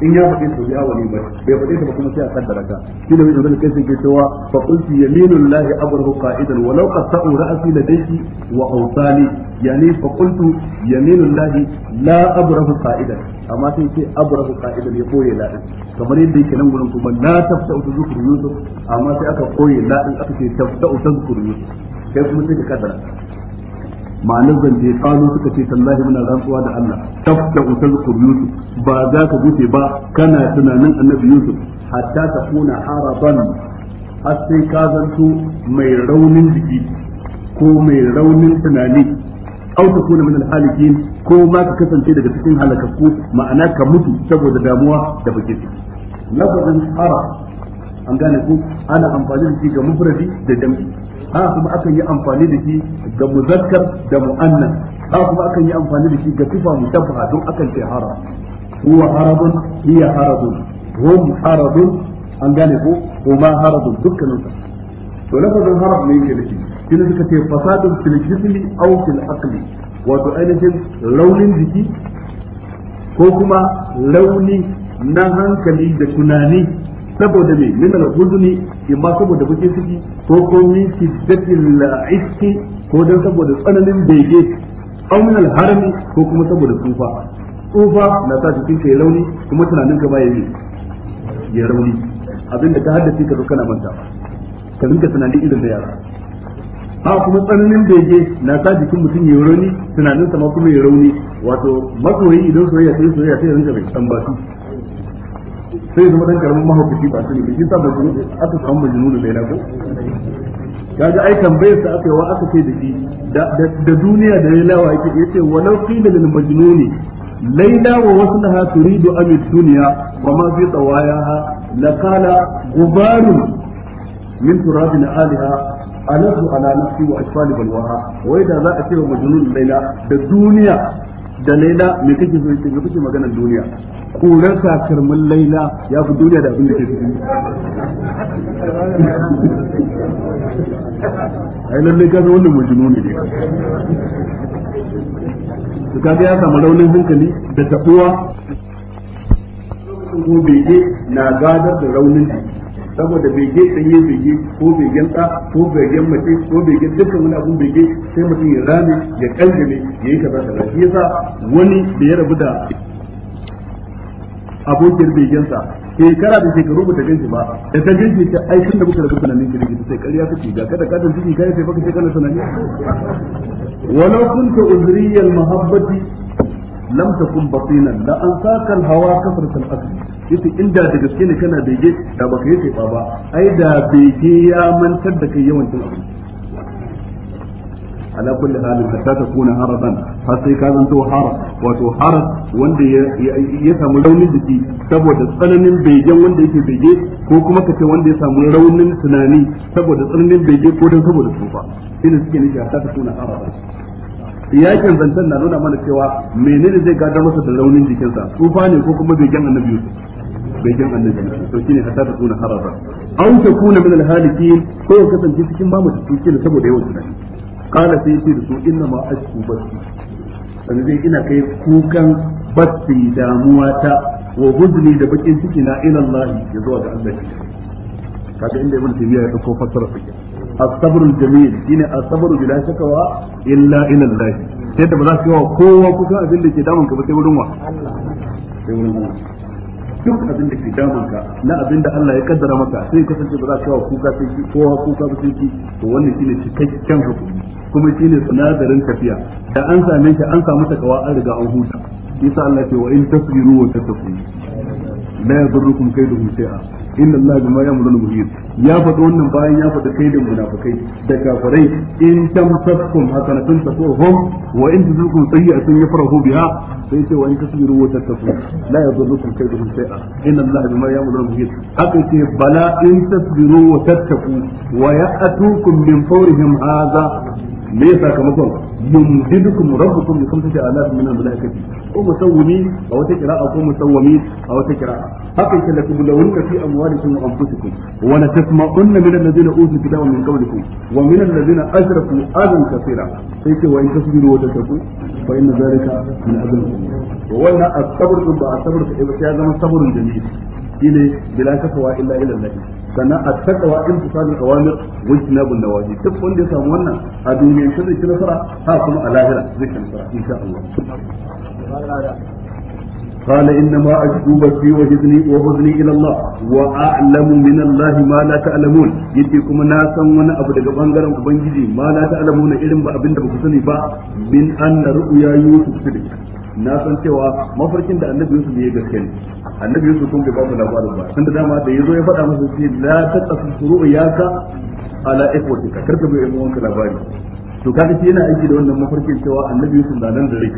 in ya faɗi su ya wani bai bai faɗi su ba kuma sai a kaddara ka shi da wani kai sai ke cewa fa qultu yaminul lahi abrahu qa'idan walau qatta'u ra'si ladayhi wa awsani yani fa qultu yaminul lahi la abrahu qa'idan amma sai ce abrahu qa'idan ya koye la kamar yadda yake nan gurin kuma na tafta'u tuzkuru yusuf amma sai aka koye la aka ce tafta'u tuzkuru yusuf kai kuma sai ka kaddara ma'anar zance kalu suka ce tallahi muna rantsuwa da Allah tafda utazkur yusuf ba za ka gute ba kana tunanin annabi yusuf hatta ta kuna haraban har sai ka zanto mai raunin jiki ko mai raunin tunani au ta kuna min alhalikin ko ma ka kasance daga cikin halakarku, ma'ana ka mutu saboda damuwa da bakin lafazin hara an gane ku ana amfani da shi ga mufradi da jam'i a kuma akan yi amfani da shi ga muzakkar da mu'annas a kuma akan yi amfani da shi ga sifa mutabbaha don akan ce haram huwa haramun hiya haramun hum haramun an gane ko huma harabun dukkanin sa to lafazin harab ne yake da shi kina suka ce fasadun fil jismi aw fil aqli wato ainihin raunin jiki ko kuma launi na hankali da tunani saboda me min al-huzni in ba saboda bakin ciki ko ko min shiddatil iski ko dan saboda tsananin bege aw min al-harami ko kuma saboda tsufa tsufa na sa jikin ka ya rauni kuma tunanin ka baya yi ya rauni abinda ka haddace ka zo kana manta ka rinka tunanin irin da yara ha kuma tsananin bege na sa jikin mutum ya rauni tunanin sa ma kuma ya rauni wato masoyi idan soyayya sai soyayya sai rinka bai san ba su sai zama dan karamin mahaukaci ba ne da shi sa ba aka samu bai laila ko ji ai tambayar sa aka yi wa aka ce da shi da duniya da ya wa yake ce walau qila lil majnuni laila wa ha turidu da ad-dunya wa ma fi tawayaha laqala gubarun min aliha Aliha alasu ala nafsi wa asfali balwaha wai da za a ce wa majnun laila da duniya da laila mai kake so yace me kuke magana duniya kakar mun laila ya fi duniya da abin da ke cikin ai lalle ka ga wannan majnuni ne to kaga ya samu raunin hankali da tabuwa ko gobe na gadar da raunin jiki saboda bege tsaye bege ko begen ɗa ko begen mace ko begen dukkan wani abun bege sai mutum ya rame ya kanjame ya yi kaza kaza shi yasa wani da ya rabu da abokin begensa shekara da shekaru ba ta ganshi ba da ta ganshi ta aikin da kuka da kuka nan ki rigita sai ƙarya kuke ga kada ka tantu ciki kai sai baka ce kana sanani wala kunta uzriyal mahabbati lam takun batinan la an saka al hawa kasrat aqli yace inda da gaske ne kana bege da baka yi kai ba ai da bege ya mantar da kai yawan cin abinci ala kulli halin ta kuna harasan har sai ka zanto haras wato haras wanda ya samu raunin jiki saboda tsananin begen wanda yake bege ko kuma ka kace wanda ya samu raunin tunani saboda tsananin bege ko dan saboda tsufa ina suke nufi hatta takuna harasan yakin zantan na nuna mana cewa menene zai gada masa da raunin jikinsa tufa ne ko kuma begen annabi Yusuf begen annabi Yusuf ne shine hatta ta tuna harara an ta kuna min alhalikin ko ya kasance cikin ba mu cikin saboda yawan tunani kala sai ce da su inna ma ashku basu sannan zai ina kai kukan basu damuwa ta wa huzni da bakin ciki na ila Allah ya zuwa ga Allah kaga inda ibn tabiya ya dauko fassara fikin as-sabr al-jamil shine as-sabr bila shakawa illa ila Allah sai ba za ka yi wa ka ba wa duk abin da ke damun ka na abin da Allah ya kaddara maka sai kasance ba za ka yi kuka sai ki kowa kuka ba sai to wannan shine cikakken hakuri kuma shine sinadarin tafiya da an same shi an samu takawa an riga an huta yasa Allah ce wa in tasbiru wa tattaqu la yadurrukum kayduhum shay'a inna Allah bima ya'maluna muhit ya faɗi wannan bayan ya faɗi kai munafikai da kafirai in tamsakum hasanatun tasuhum wa in tuzukum yafrahu biha sai ce wa in tasbiru wa tattaqu la yadurrukum shay'a inna Allah bima muhit haka ce bala in tasbiru wa tattaqu wa ya'tukum min fawrihim hadha me sakamakon yumdidukum rabbukum bi khamsati alafin min al-malaikati ko musawwimi a wata qira'a ko musawwimi a wata qira'a haka yake la tublawunna fi amwalikum wa anfusikum wa la tasma'unna min alladhina utul kitaba min qablikum wa min alladhina ashraku adan kaseera sai ce wa in tasbiru wa tattaqu fa inna dhalika min azmi wannan asabru ba asabru ba sai ya zama sabrun jamil shine bila kafawa illa ila Allah sannan a takawa in fusadul awamir wajtinabun nawahi duk wanda ya samu wannan a duniyar sai ki nasara ha على a lahira zai شاء الله قال إنما أشكو بثي وجدني وحزني إلى الله وأعلم من الله ما لا تعلمون يتيكم ناسا وانا أبدا قبانجر وبنجدي ما لا تعلمون إلم بأبن بكسني با من أن رؤيا يوسف سلك ناسا سوا مفرشين دا النبي يوسف يجسكني النبي يوسف كم بباب الأبوال الله سند داما دا يزو يفتا مفرشين لا تتصف رؤياك على إخوتك كرتب يموانك الأبوال to kaga shi yana aiki da wannan mafarkin cewa annabi Yusuf da nan da rai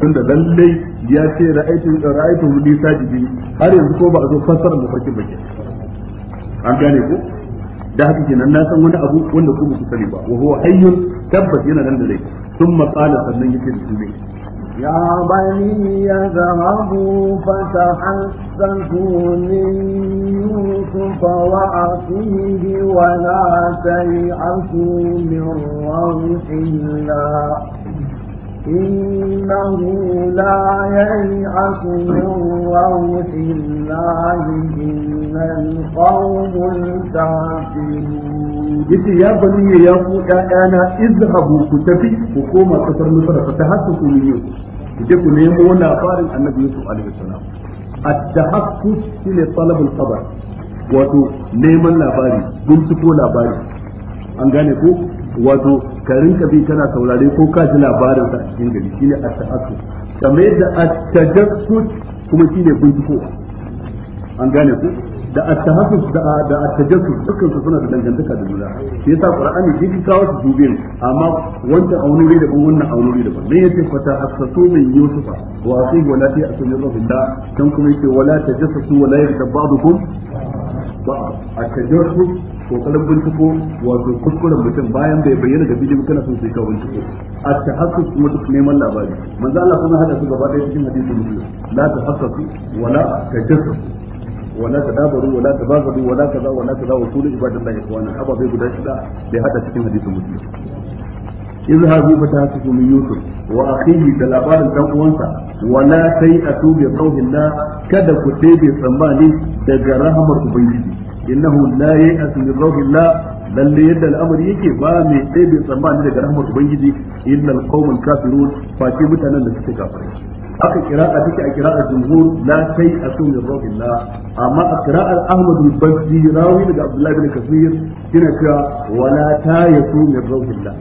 tunda lalle ya ce ra'aytu ra'aytu hudi sajidi har yanzu ko ba a zo fassara mafarkin ba ke an gane ko da haka kenan na san wani abu wanda ku ba ku sani ba wa huwa hayyun tabbas yana nan da rai thumma qala sannan yake da su يا بني اذهبوا فتحسسوا من يوسف وأخيه ولا تيأسوا من روح الله إنه لا ييأس من روح الله إلا القوم الكافرون yace ya bani ya ku ƴaƴana izhabu ku tafi ku koma kasar Misra fa tahassusu min yau kuje ku nemo labarin Annabi Yusuf alaihi salam at-tahassus shine talab al-khabar wato neman labari binciko labari an gane ko wato ka rinka bi kana saurare ko ka ji labarin sa a cikin gari shine at-tahassus kamar yadda at-tajassus kuma shine binciko an gane ko da at-tahaffus da da at-tajassus dukkan su suna da dangantaka da juna shi yasa qur'ani shi ka kawo su dubin amma wanda aunuri da wannan aunuri da ne yace fata asatu min yusufa wa asihi wala ta asu min rabbillah dan kuma yake wala tajassasu wala yadabbadukum ba at-tajassus kalan binciko wato kuskuren mutum bayan bai bayyana da bijimi kana son sai ka binciko a tahassus kuma duk neman labari manzo Allah kuma hada su gaba ɗaya cikin hadisi muslim la ta tahassasu wala tajassasu wala tadabaru wala tabazaru wala kaza wala kaza wa kullu ibadallahi ikhwana ababai guda shida da hada cikin hadisin muslim izhabu fatahatu min yusuf wa akhihi da labarin dan uwansa wala tai'atu bi qawlillah kada ku tebe tsammani daga rahmar ubangiji innahu la ya'tu min qawlillah lalle yadda al'amari yake ba mai tebe tsammani daga rahmar ubangiji illa alqawmul kafirun fa mutanen da suke kafirai aka kira'a take a kira'a jumhur la sai a so min la amma a kira'a ahmad bin basri rawi daga abdullahi bin kasir yana cewa wala ta yasu min rabbillah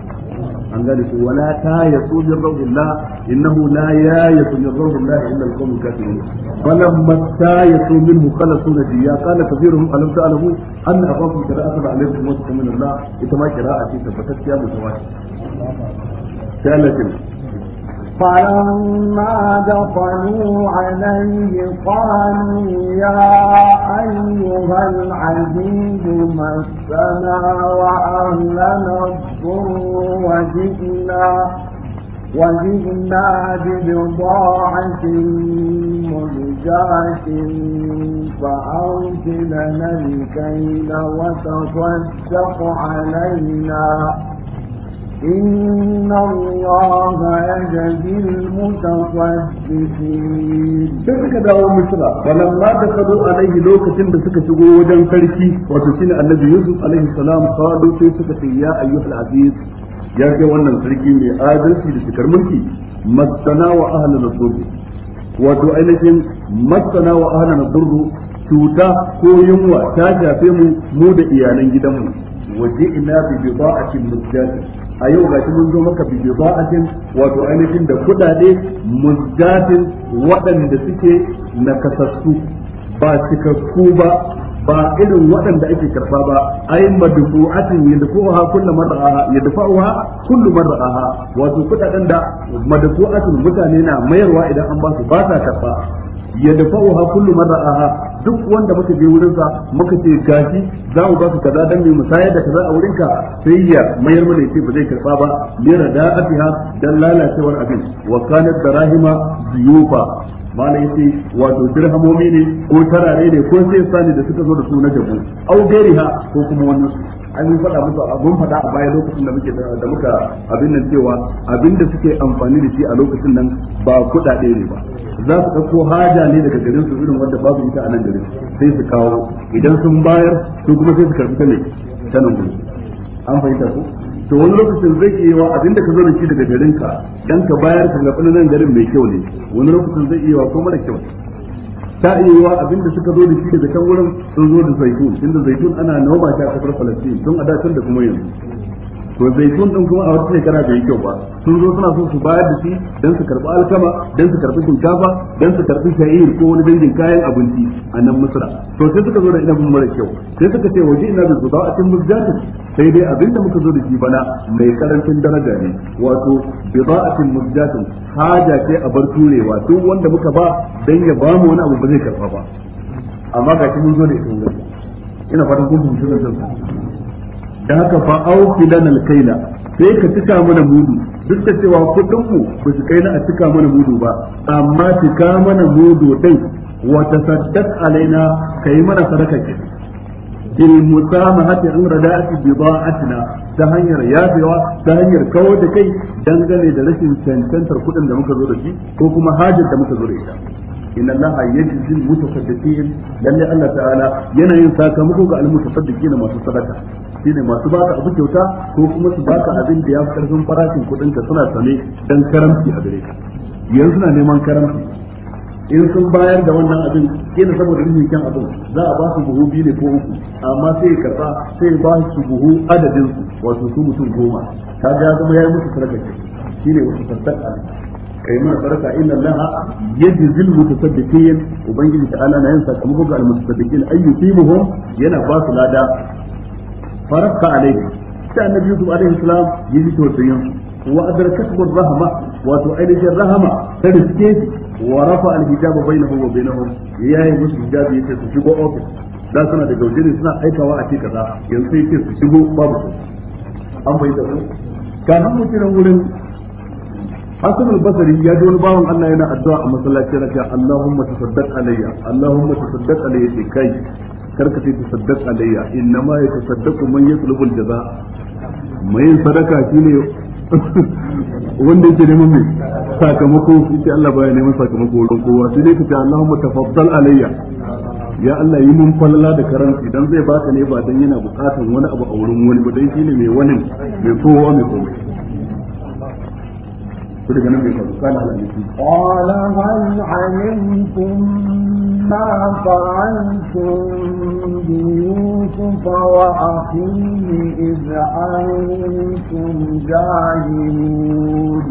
an gane ko wala ta yasu min rabbillah innahu la ya yasu min rabbillah illa al-qawm kafirun falamma ta yasu min mukhallasuna ji ya qala kathiruhum alam ta'lamu anna afakum qira'atu alaykum wa min Allah ita ma qira'a ce tabbatacciya mutawatir فلما دخلوا عليه قالوا يا أيها العزيز مسنا وأهلنا الضر وجئنا وجئنا ببضاعة مرجاة لنا الكيل وتصدق علينا sai suka dawo misra wannan ma da kado a nan lokacin da suka shigo wajen sarki wato shine annabi yusuf alaihi salam fado sai suka ce ya ayyuhal ya ga wannan sarki mai adalci da shikar mulki mattana wa ahlan nadru wato ainihin mattana wa ahlan nadru tuta ko yunwa ta jafe mu mu da iyalan gidanmu waje ina bi bi'atin mujaddid a yau gashi mun zo maka bi ba'atin wato ainihin da kudade muzgatin waɗanda suke nakasassu ba cikakku ba ba irin waɗanda ake karfa ba ai madfu'atin yadfuha kullu mar'aha yadfa'uha kullu mar'aha wato kudaden da madfu'atin mutane na mayarwa idan an ba su ba ta karfa yadfa'uha kullu mar'aha duk wanda muka je wurin sa muka ce gashi za mu ba su kaza dan mai musayar da kaza a wurin ka sai ya mayar mana yace ba zai karba ba lira da afiha dan lalacewar abin wa kana darahima ziyufa malam yace wato dirhamomi ne ko tarare ne ko sai sani da suka zo da su na jabu au gairiha ko kuma wannan an yi faɗa musu mun faɗa a baya lokacin da muke da muka abin nan cewa abinda suke amfani da shi a lokacin nan ba kuɗaɗe ne ba za su ɗauko haja ne daga garin su irin wanda babu ita a nan garin sai su kawo idan sun bayar su kuma sai su karɓi ta ne ta nan gudu an fahimta su to wani lokacin zai iya wa abinda ka zo da shi daga garin ka dan ka bayar ka ga nan garin mai kyau ne wani lokacin zai iya wa ko mara kyau ne ta iya abinda suka zo da shi da kan wurin sun zo da zaitun inda zaitun ana noma ta kafar kasar falastin tun a da da kuma yanzu to zaitun din kuma a wata shekara bai kyau ba sun zo suna so su bayar da shi dan su karbi alkama dan su karbi shinkafa dan su karbi sha'ir ko wani dangin kayan abinci a nan misra to sai suka zo da inabin mara kyau sai suka ce waje ina da zuba a cikin muzjatu sai dai abinda muka zo da shi bana mai karancin daraja ne wato bida'atin muzjatu haja ce a bar turewa duk wanda muka ba dan ya ba mu wani abu ba zai karba ba amma ga shi mun zo da ita ina fatan kun fahimci zan da haka fa auki filan alkaila sai ka cika mana mudu duk da cewa kudin mu ba su kaina a cika mana mudu ba amma cika mana mudu dai wa tasaddaq alaina kai mana sadaka ke bil musamahati an rada'ati bida'atina ta hanyar yafewa ta hanyar kawo da kai dangane da rashin cancantar kudin da muka zo da shi ko kuma hajar da muka zo da ita inna allaha yajzi al mutasaddiqin lalle Allah ta'ala yana yin sakamako ga al mutasaddiqin masu sadaka shine masu baka abu kyauta ko kuma su baka abin da ya fi ƙarfin farashin kuɗin ka suna sane dan karamci a gare ka yanzu na neman karamci in sun bayar da wannan abin kina saboda ilimin kyan abin za a ba su buhu biyu ne ko uku amma sai ya karba sai ya ba su buhu adadin su wato su mutum goma kaga ya zama ya yi musu sadaka shine wasu sadaka kai mana sadaka inna allaha yajzil mutasaddiqin ubangiji ta'ala na yin sakamako ga almutasaddiqin ayyusibuhum yana ba su lada farqa alaihi sai annabi yusuf alaihi ya ji tausayin wa adrakatu rahma wato ainihin ta riske shi wa rafa a ce kaza wurin Hassan ya ji wani Allah yana a kai karka sai tasaddaq alayya inna ma yatasaddaqu man yatlubul jaza mai sadaka shine [LAUGHS] wanda yake neman mai sakamako sai Allah baya neman sakamako wurin kowa sai dai kace Allahumma tafaddal alayya ya Allah yi mun falala da karanci dan zai baka ne ba dan yana bukatan wani abu a wurin wani ba dan shine mai wani mai kowa mai kowa daga nan bai faru kana hal antum qala hal alimtum ma fa'altum bi yusuf wa akhihi id antum jahilun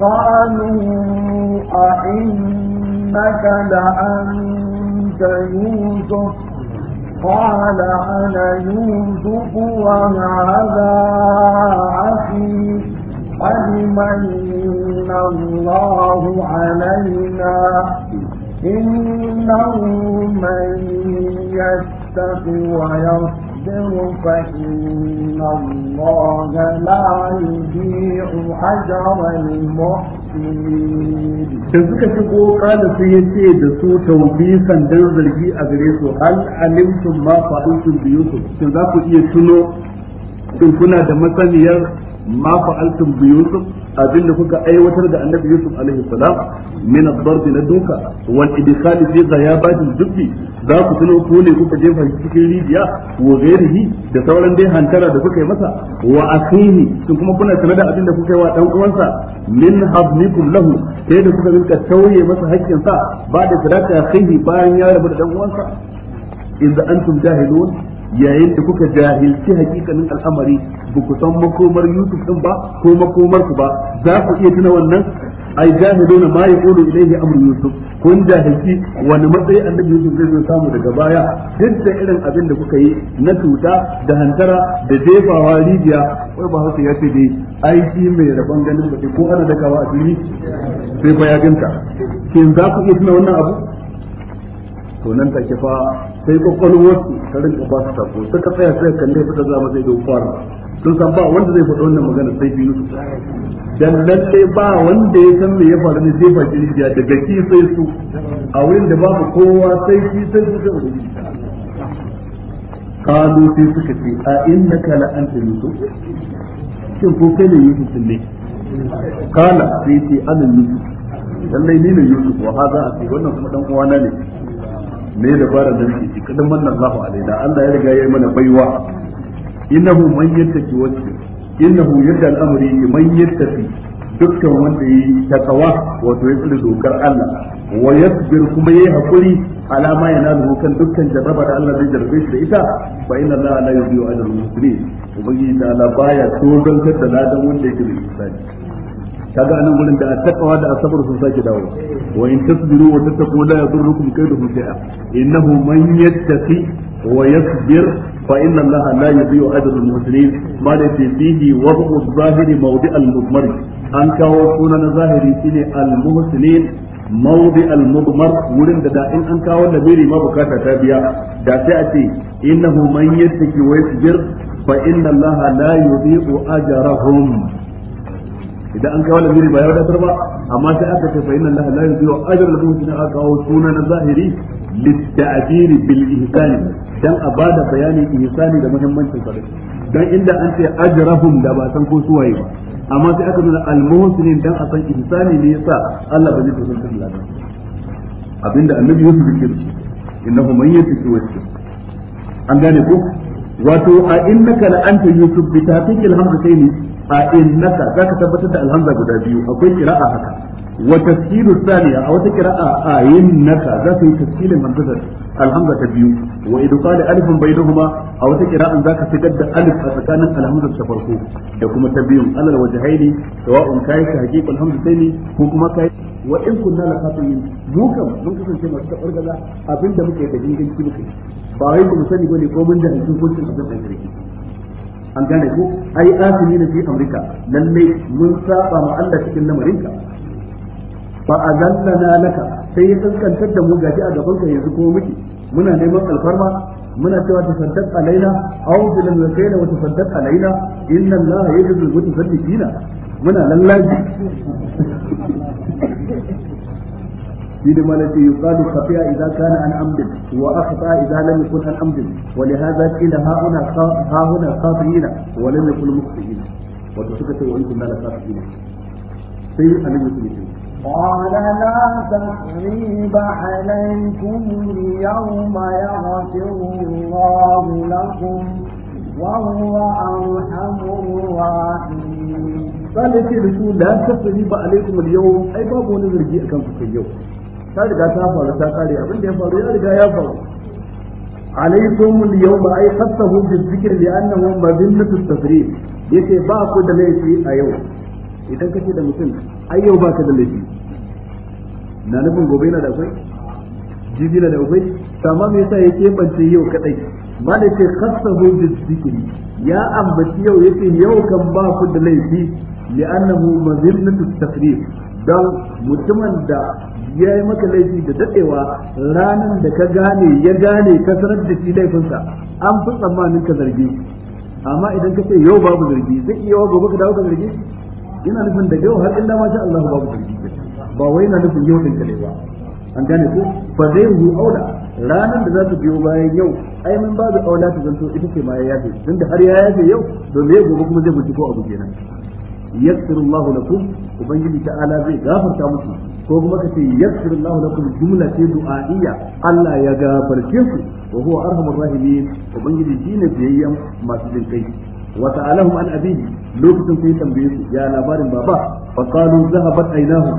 قالوا أئنك لأنت يوسف قال أنا يوسف وهذا أخي قد من الله علينا إنه من يتق ويصبر فإن الله لا يضيع أجر المحسنين. كذلك تقول قال سيدي دسو توبيخا درزل في أغريسو هل علمتم ما فعلتم بيوسف؟ كذلك يتنو كن كنا دمسانيا ma fa'altum bi yusuf abinda kuka aiwatar da annabi yusuf alaihi salam min ad-darb na duka wal idkhal fi ghayabat ad-dubbi za ku tuno ko ne kuka jefa cikin rijiya wa ghairihi da sauran dai hantara da kuka yi masa wa akhihi sun kuma kuna tare da abinda kuka yi wa dan uwansa min habnikum lahu sai da kuka rinka tauye masa hakkin sa ba da sadaka akhihi bayan ya rabu da dan uwansa idza antum jahilun yayin da kuka jahilci hakikanin al'amari ba ku san makomar Yusuf din ba ko makomar ku ba za ku iya tuna wannan ai jahiluna ma yaqulu ilayhi amru Yusuf kun jahilci wani matsayi annabi Yusuf zai zo samu daga baya duk da irin abin da kuka yi na tuta da hantara da jefawa rijiya wai ba hausa ya ce dai aiki mai rabon ganin ba ko ana dakawa a fili sai bayaginta kin za ku iya tuna wannan abu to nan take fa sai kwakwalwarsu ta rinka ba su sako ka tsaya sai kan dai fita zama sai dai fara sun san ba wanda zai faɗa wannan magana sai biyu su dan sai ba wanda ya san me ya faru ne sai bakin jiya daga shi sai su a wurin da babu kowa sai shi sai su sai wani kalu sai suka ce a innaka la anta yusuf shin ko kai ne yusuf ne kala sai ce anan yusuf lallai ni ne yusuf wa hada a ce wannan kuma dan uwana ne me dabara da nake kadin manna Allahu alaina Allah ya riga ya mana baiwa innahu man yattaki wajhi innahu yadda al'amri man yattaki dukkan wanda yi takawa wato ya tsira dokar Allah wa yasbir kuma yayi hakuri alama yana da kan dukkan jarraba da Allah zai jarrabe shi da ita fa inna Allah la muslimin ubangiji Allah baya tozon da ladan wanda yake da ihsani kaga anan gurin da attaqwa da asabar sun sake dawo wa in tasbiru wa tattaqu la yadurrukum kayduhum shay'a innahu man yattaqi wa yasbir fa inna allaha la yudhi'u ajra al-muhsinin ma la fihi wad'u adh zahiri mawdi' al-mudmar an kawo sunan zahiri shine al-muhsinin mawdi al-mudmar wurin da da in an kawo labiri ma bukata ta biya da sai a ce innahu man yattaqi wa yasbir fa inna allaha la yudhi'u ajrahum idan an kawo lamiri ba ya wadatar ba amma sai aka ce fa inna allaha la yudhi'u ajra al-muhsinin aka kawo suna na zahiri للتعبير بالإحسان dan a bada bayani ihsani da muhimmancin sa dan inda an ce ajrahum da ba san ko suwaye ba amma sai aka nuna al almuhsinin dan a san ihsani ne yasa Allah ba zai kusan kan ladan abinda annabi Yusuf yake ce innahu man yatiki wasi an gane ko wato a innaka la anta yusuf bi tafikil hamza sayni fa innaka zaka tabbatar da alhamza guda biyu akwai qira'a haka wa tafsiru thaniya a wata qira'a a za zaka yi tafsirin hamzar alhamza ta biyu wa idu qala alifun bainahuma a wata qira'an zaka fitar da alif a tsakanin alhamzar ta farko da kuma ta biyun alal wajhaini sawa'un kai ka haqiqa alhamdataini ko kuma kai wa in kunna la khatiin mu kam mun kasance masu tabargaza abinda muke da dingin muke ba wai kuma sani bane ko mun da hankali kuncin abin da yake an gane ko ai asimi na fi amrika lalle mun saba ma Allah cikin lamarinka fa azallana naka sai ya kaskantar da mu gaji a gaban ka yanzu kuma muke muna neman alfarma muna cewa tasaddaq alaina aw bil wakaila wa tasaddaq alaina inna Allah yajzi mutasaddiqina muna lallaji شين ما التي يقال خطيئة إذا كان عن عمد وأخطأ إذا لم يكن عن عمد ولهذا قيل ها هنا ها هنا خاطئين ولم يكن مخطئين وتشكت وإنتم لا خاطئين سيء أن يكون قال لا تقريب عليكم اليوم يغفر الله لكم وهو أرحم الراحمين قال لك رسول لا تقريب عليكم اليوم أي باب ونزل كان في اليوم ta riga ta faru ta kare abin da ya faru ya riga ya faru alaikum al-yawma ay khassahum bi-dhikr li'annahu madinatu at-tafrid yace ba ku da laifi a yau idan kace da mutum ai yau baka da laifi na nufin gobe na da akwai jibi na da akwai amma me yasa yake bance yau kadai ba da ce khassahu bi-dhikri ya ambaci yau yace yau kan ba ku da laifi li'annahu madinatu at-tafrid don mutumin da ya yi maka laifi da daɗewa ranar da ka gane ya gane ka sanar da shi laifinsa an fi tsammanin ka zargi amma idan ka ce yau babu zargi zai iya wa gobe ka dawo ka zargi ina nufin da yau har inda ma sha Allah babu zargi ba wai na nufin yau ɗin ka ne ba an gane ko fa zai ruhu aula ranar da za su biyo bayan yau ai mun babu aula ta zanto ita ce ma ya yafe tunda har ya yafe yau to me gobe kuma zai mutu ko abu kenan yaghfiru Allahu lakum ubangiji ta'ala zai gafarta musu ko kuma kace yaghfiru Allahu lakum jumla ce du'a'iyya Allah ya gafarce ku wa huwa arhamur rahimin ubangiji shine biyayyan masu jin kai wa ta'alahum an abi lokacin sai tambaye su ya labarin baba fa qalu zahabat aynahu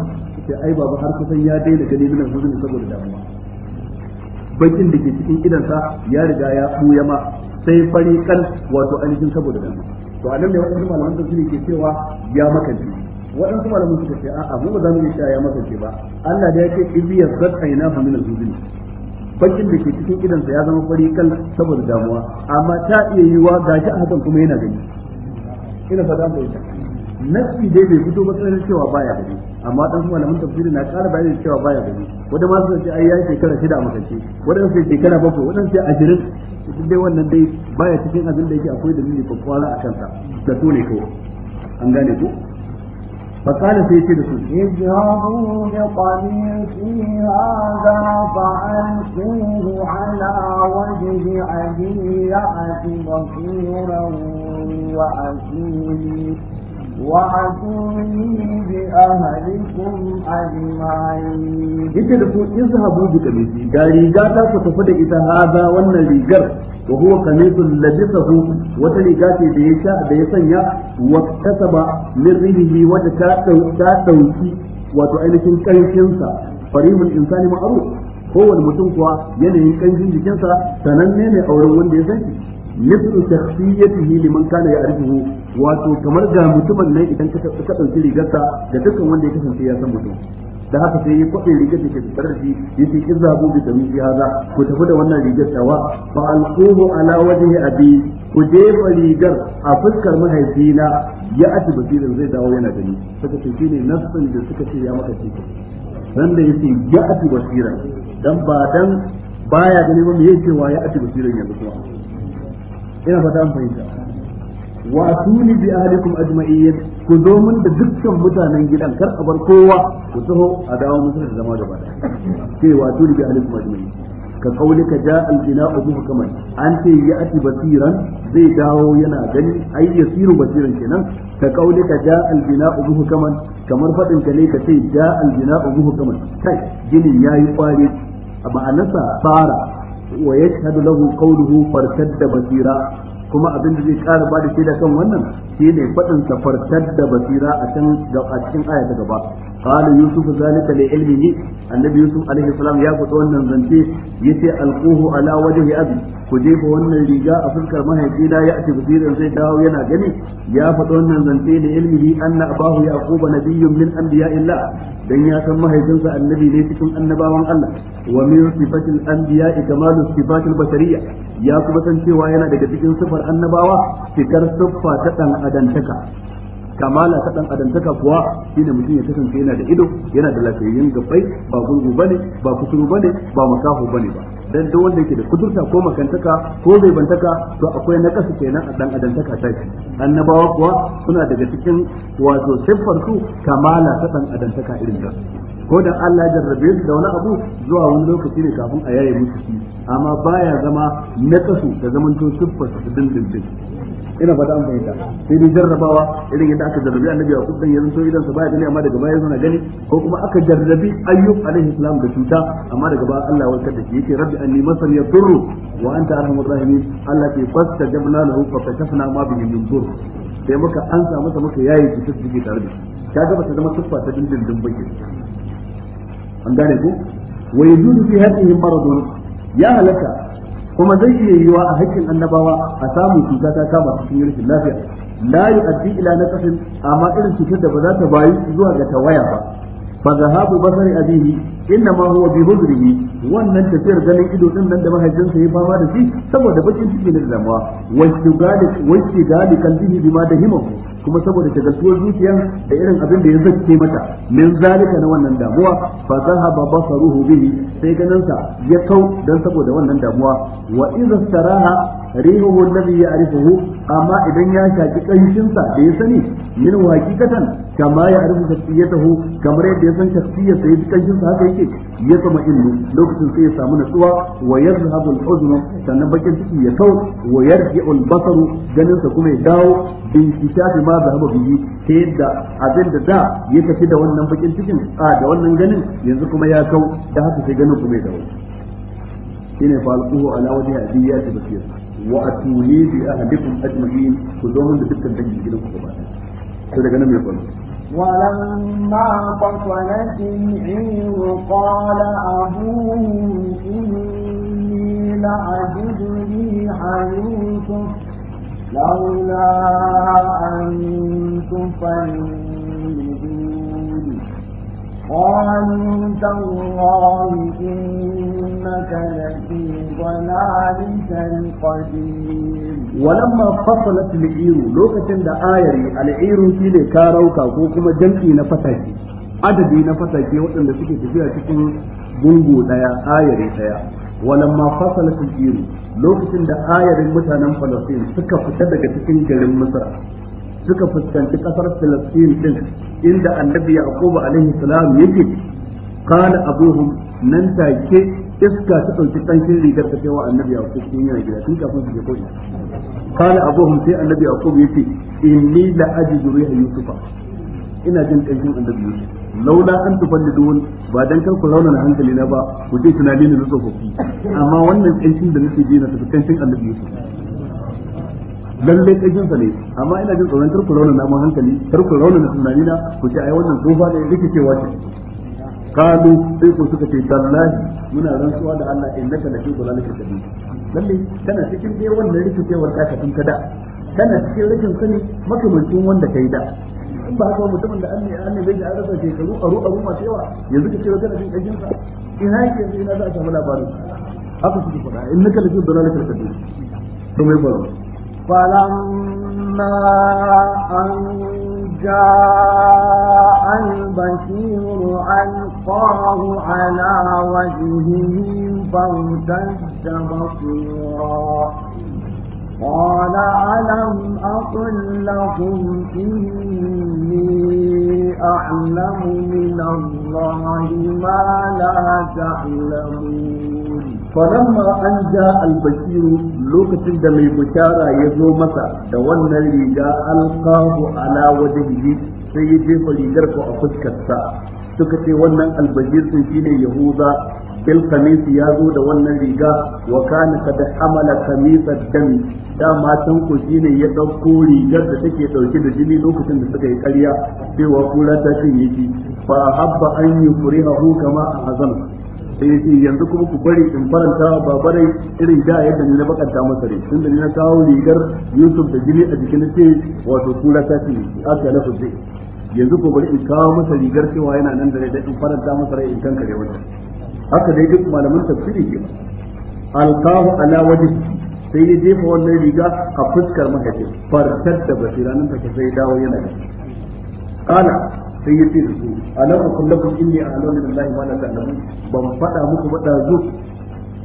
sai ai baba har kusan ya daina gani min huzuni saboda damuwa bakin da ke cikin idansa ya riga ya buya ma sai fari kan wato ainihin saboda damuwa to anan ne wasu malaman tafsiri ke cewa ya makance waɗansu malaman suka ce a'a mu ba za mu yi ya makance ba Allah da ya ce ibiya zakaina fa min al-huzni bakin da ke cikin idan sa ya zama fari kan saboda damuwa amma ta iya yiwa gashi a hakan kuma yana gani ina fata mu nasi dai bai fito ba sanar cewa baya gani amma dan su malamin tafsiri na ƙara bayani cewa baya gani wanda ma suka ce ai ya shekara shida a makance wanda suka ce shekara bakwai wanda suka ce ashirin duk dai wannan dai baya cikin abin da yake akwai dalili ko kwara a kansa da su ne kawai an gane ko فقال سيدي رسول اذهبوا بقميصي هذا فألقوه على وجه أبي يأت بصيرا وأتوني yake da su in su habu da kamisi ga riga ta su da ita haza wannan rigar wa huwa kamisun labisa hu wata riga ce da ya sha da ya sanya wa kasaba min rihihi wata ta dauki wato ainihin karfin sa farimul insani ma'ruf kowane mutum kuwa yanayin karfin jikinsa sananne ne auren wanda ya sanki mislu shakhsiyatihi liman kana ya'rifuhu wato kamar ga mutumin nan idan ka ka dauki rigarsa da dukkan wanda ya kasance ya san mutum da haka sai ya kwabe rigar da ke tsare da shi yace izabu bi tamiji hada ku tafi da wannan rigar tawa fa alquhu ala wajhi abi ku jefa rigar a fuskar mahaifina ya ati basirin zai dawo yana gani suka ce shine nassin da suka ce ya maka ce dan da yace ya ati basira dan ba dan baya ganin ba me yake wa ya ati basirin yanzu kuma ina fata an fahimta wa atuni bi ahlikum ajma'in ku zo mun da dukkan mutanen gidan kar a bar kowa ku taho a dawo musu da zama da daya ce wa atuni bi ahlikum ajma'in ka ka ja al-bina'u muhkaman an ce ya ya'ti basiran zai dawo yana gani ai yasiru basiran kenan ka ka ja al-bina'u muhkaman kamar fadin ka ne ka ce ja al-bina'u muhkaman kai gini yayi kwari a ma'anarsa fara wa yashhadu lahu qawluhu fartadda basira kuma abin da zai ƙara ba da kan wannan shine faɗin sa fartadda basira a can a cikin aya ta gaba qala yusuf zalika li ilmihi annabi yusuf alaihi salam ya fito wannan zance yace alquhu ala wajen ya abi ku jefa wannan riga a fuskar mahaifina ya ati basirin zai dawo yana gani ya fito wannan zance da ilmihi anna abahu yaqub nabiyyun min anbiya'illah dan ya san mahaifinsa annabi ne cikin annabawan Allah wa min sifatil anbiya'i kamalu sifatil bashariyya ya kuma san cewa yana daga cikin sifar annabawa cikar siffa ta dan adantaka kamala ta dan kuwa kuwa shine mutum ya kasance yana da ido yana da lafiyayyen gabbai ba gurgu bane ba kusuru bane ba makafu bane ba dan duk wanda yake da kuturta ko makantaka ko bai bantaka to akwai nakasu kenan a dan adam ta sai annabawa kuwa suna daga cikin wato siffar su kamala ta dan irin da ko da Allah ya jarrabe su da wani abu zuwa wani lokaci ne kafin a yaye musu shi amma baya zama nakasu da zamanto siffar su dindindin ina fata an fahimta sai dai jarrabawa irin yadda aka jarrabi annabi a kusan yanzu to idan sa baya gani amma daga baya yana gani ko kuma aka jarrabi ayyub alaihi salam da cuta amma daga baya Allah warkar da shi yake rabbi anni masal yadurru wa anta arhamur rahimin Allah ke fastajabna lahu fa kashafna ma bihi min dur sai muka an muka yayi da tare da zama tuffa ta an gane wa fi hadhihi maradun ya halaka kuma zai iya yiwa a hakkin annabawa a samu cuta ta kama cikin rashin lafiya la yu'addi ila naqsin amma irin cutar da ba za ta bayu zuwa ga tawaya ba fa zahabu basari abihi inna ma huwa bi huzrihi wannan tafiyar ganin ido din nan da mahaifinsa ya fama da shi saboda bakin ciki ne da damuwa wasu galik wasu galik kalbihi bima da kuma saboda shagaltuwar zuciyar da irin abin da ya zace mata min zalika na wannan damuwa fa zahaba basaruhu bihi sai ganin sa ya kau dan saboda wannan damuwa wa idza saraha rihuhu alladhi ya'rifuhu amma idan ya shaki kanshin sa da ya sani min hakikatan kama ya arifu shakhsiyatahu kamar yadda ya san shakhsiyar sa ya ji kanshin sa haka ce ya sama innu lokacin sai ya samu natsuwa wa yazhabu al-huzn sannan bakin ciki ya tau wa yarji'u al-basaru ganin sa kuma ya dawo bin kitabi ma zahaba bihi ta yadda abin da da ya tafi da wannan bakin cikin a da wannan ganin yanzu kuma ya kau da haka sai ganin kuma ya dawo shine fa alquhu ala wajhi abiyati basir wa atuli bi ahadikum ajma'in ku zo mun da dukkan dangin gidanku gaba ɗaya sai daga nan mai kwallo ولما فصلت العير قال أبوهم إني لأجد لي حيوث لولا أن تفندون قالوا تالله إنك لفي ضلالك lokacin ولما فصلت العير لوكتن دا آيري العير كيلي كاروكا وكما جمعي نفتاكي adadi na fatake waɗanda suke tafiya cikin gungu ɗaya ayare ɗaya walamma fasala iru lokacin da ayarin mutanen falastin suka fita daga cikin garin misra suka fuskanci ƙasar Filistin ɗin inda annabi Yaqub alaihi salam yake kana abuhum nan take iska ta ɗauki ƙanshin rigar ta cewa annabi a cikin yana gida tun kafin su je ko ina kana abuhum sai annabi a kuma yace inni la ajidu riha yusufa ina jin ƙanshin annabi yusuf laula an tufallidun ba dan kan ku raunana hankali na ba ku ce tunani ne na tsofaffi amma wannan ƙanshin da nake ji na tafi ƙanshin annabi yusuf lalle kajin sa ne amma ina jin tsoron kar ku raunana mu hankali kar ku raunana tunani na ku ce ai wannan tsofa ne cewa ce qalu sai ku suka ce tallahi muna rantsuwa da Allah innaka lafi dalalika kabi lalle kana cikin dai wannan rikicewar ka kafin ka da kana cikin rikin sani makamancin wanda kai da in ba haka mutumin da Allah ya Allah bai da arasa shekaru aru aru masu yawa yanzu kace kana cikin ajin sa ina yake yanzu ina za a samu labarin haka suke faɗa innaka lafi dalalika kabi to mai baro فلما أن جاء البشير an. ألقاه على وجهه فارتد بصيرا قال ألم أقل لكم إني أعلم من الله ما لا تعلمون فلما أن جاء البشير لوكتين da mai bishara ya zo masa da wannan riga alqahu ala wajhihi sai ya jefa rigar ko a fuskarsa suka ce wannan albajir din shine yahuda bil qamis ya zo da wannan riga wa kana kad hamala qamisa dam dama san ko shine ya dauko rigar da take dauke da jini lokacin da suka yi ƙarya cewa kura ta cin yake fa habba an yufrihu kama azam sai eh, yanzu kuma ku bari in faranta babarai irin da yadda ni na bakanta masa rai tun da ni na kawo rigar Yusuf da jini a jikin ce wato kura ta cin yake aka lafa yanzu ko bari in kawo masa rigar cewa yana nan da rai da in faranta masa rai in dai wata haka dai duk malaman tafsiri ke ba alqahu ala wajhi sai ya jefa wannan riga a fuskar mahaifin farkar da basira nan take sai dawo yana da kana sai ya ce da su alam akullakum inni a'lamu billahi ma la ta'lamun ban fada muku ba zu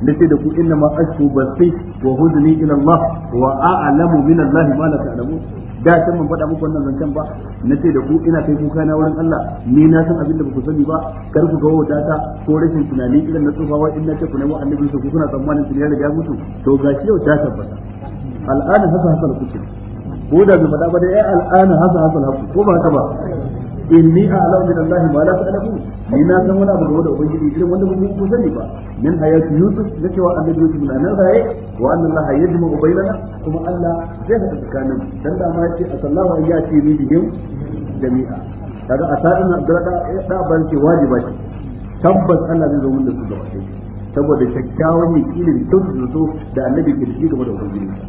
nace da ku inna ma ashku basi wa hudni ila Allah wa a'lamu min allahi ma la ta'lamun da san ban faɗa muku wannan zancen ba na ce da ku ina kai kuka na wurin Allah ni na san abin da ku sani ba kar ku ga wata ta ko rashin tunani irin na tsufawa in na ce ku nemi annabi su ku kuna tsammanin tunani da ya mutu to gashi yau ta tabbata al'ana hasa hasa kuke ko da bai faɗa ba da ya al'ana hasa hasa ko ba haka ba inni ala min Allah ma la ta'lamu ni na san wani abu game da ubangiji irin wanda mun ku sani ba min hayati yusuf na cewa annabi yusuf na nan raye wa anna Allah yajma'u bainana kuma Allah zai hada tsakanin dan da ma yace sallahu alayhi ya ce ni bihim jami'a kaga a sadin da da ban ce wajiba ce tabbas Allah zai zo mun da su gaba saboda kyakkyawan yakinin kyautu da su da annabi ke da shi game da ubangiji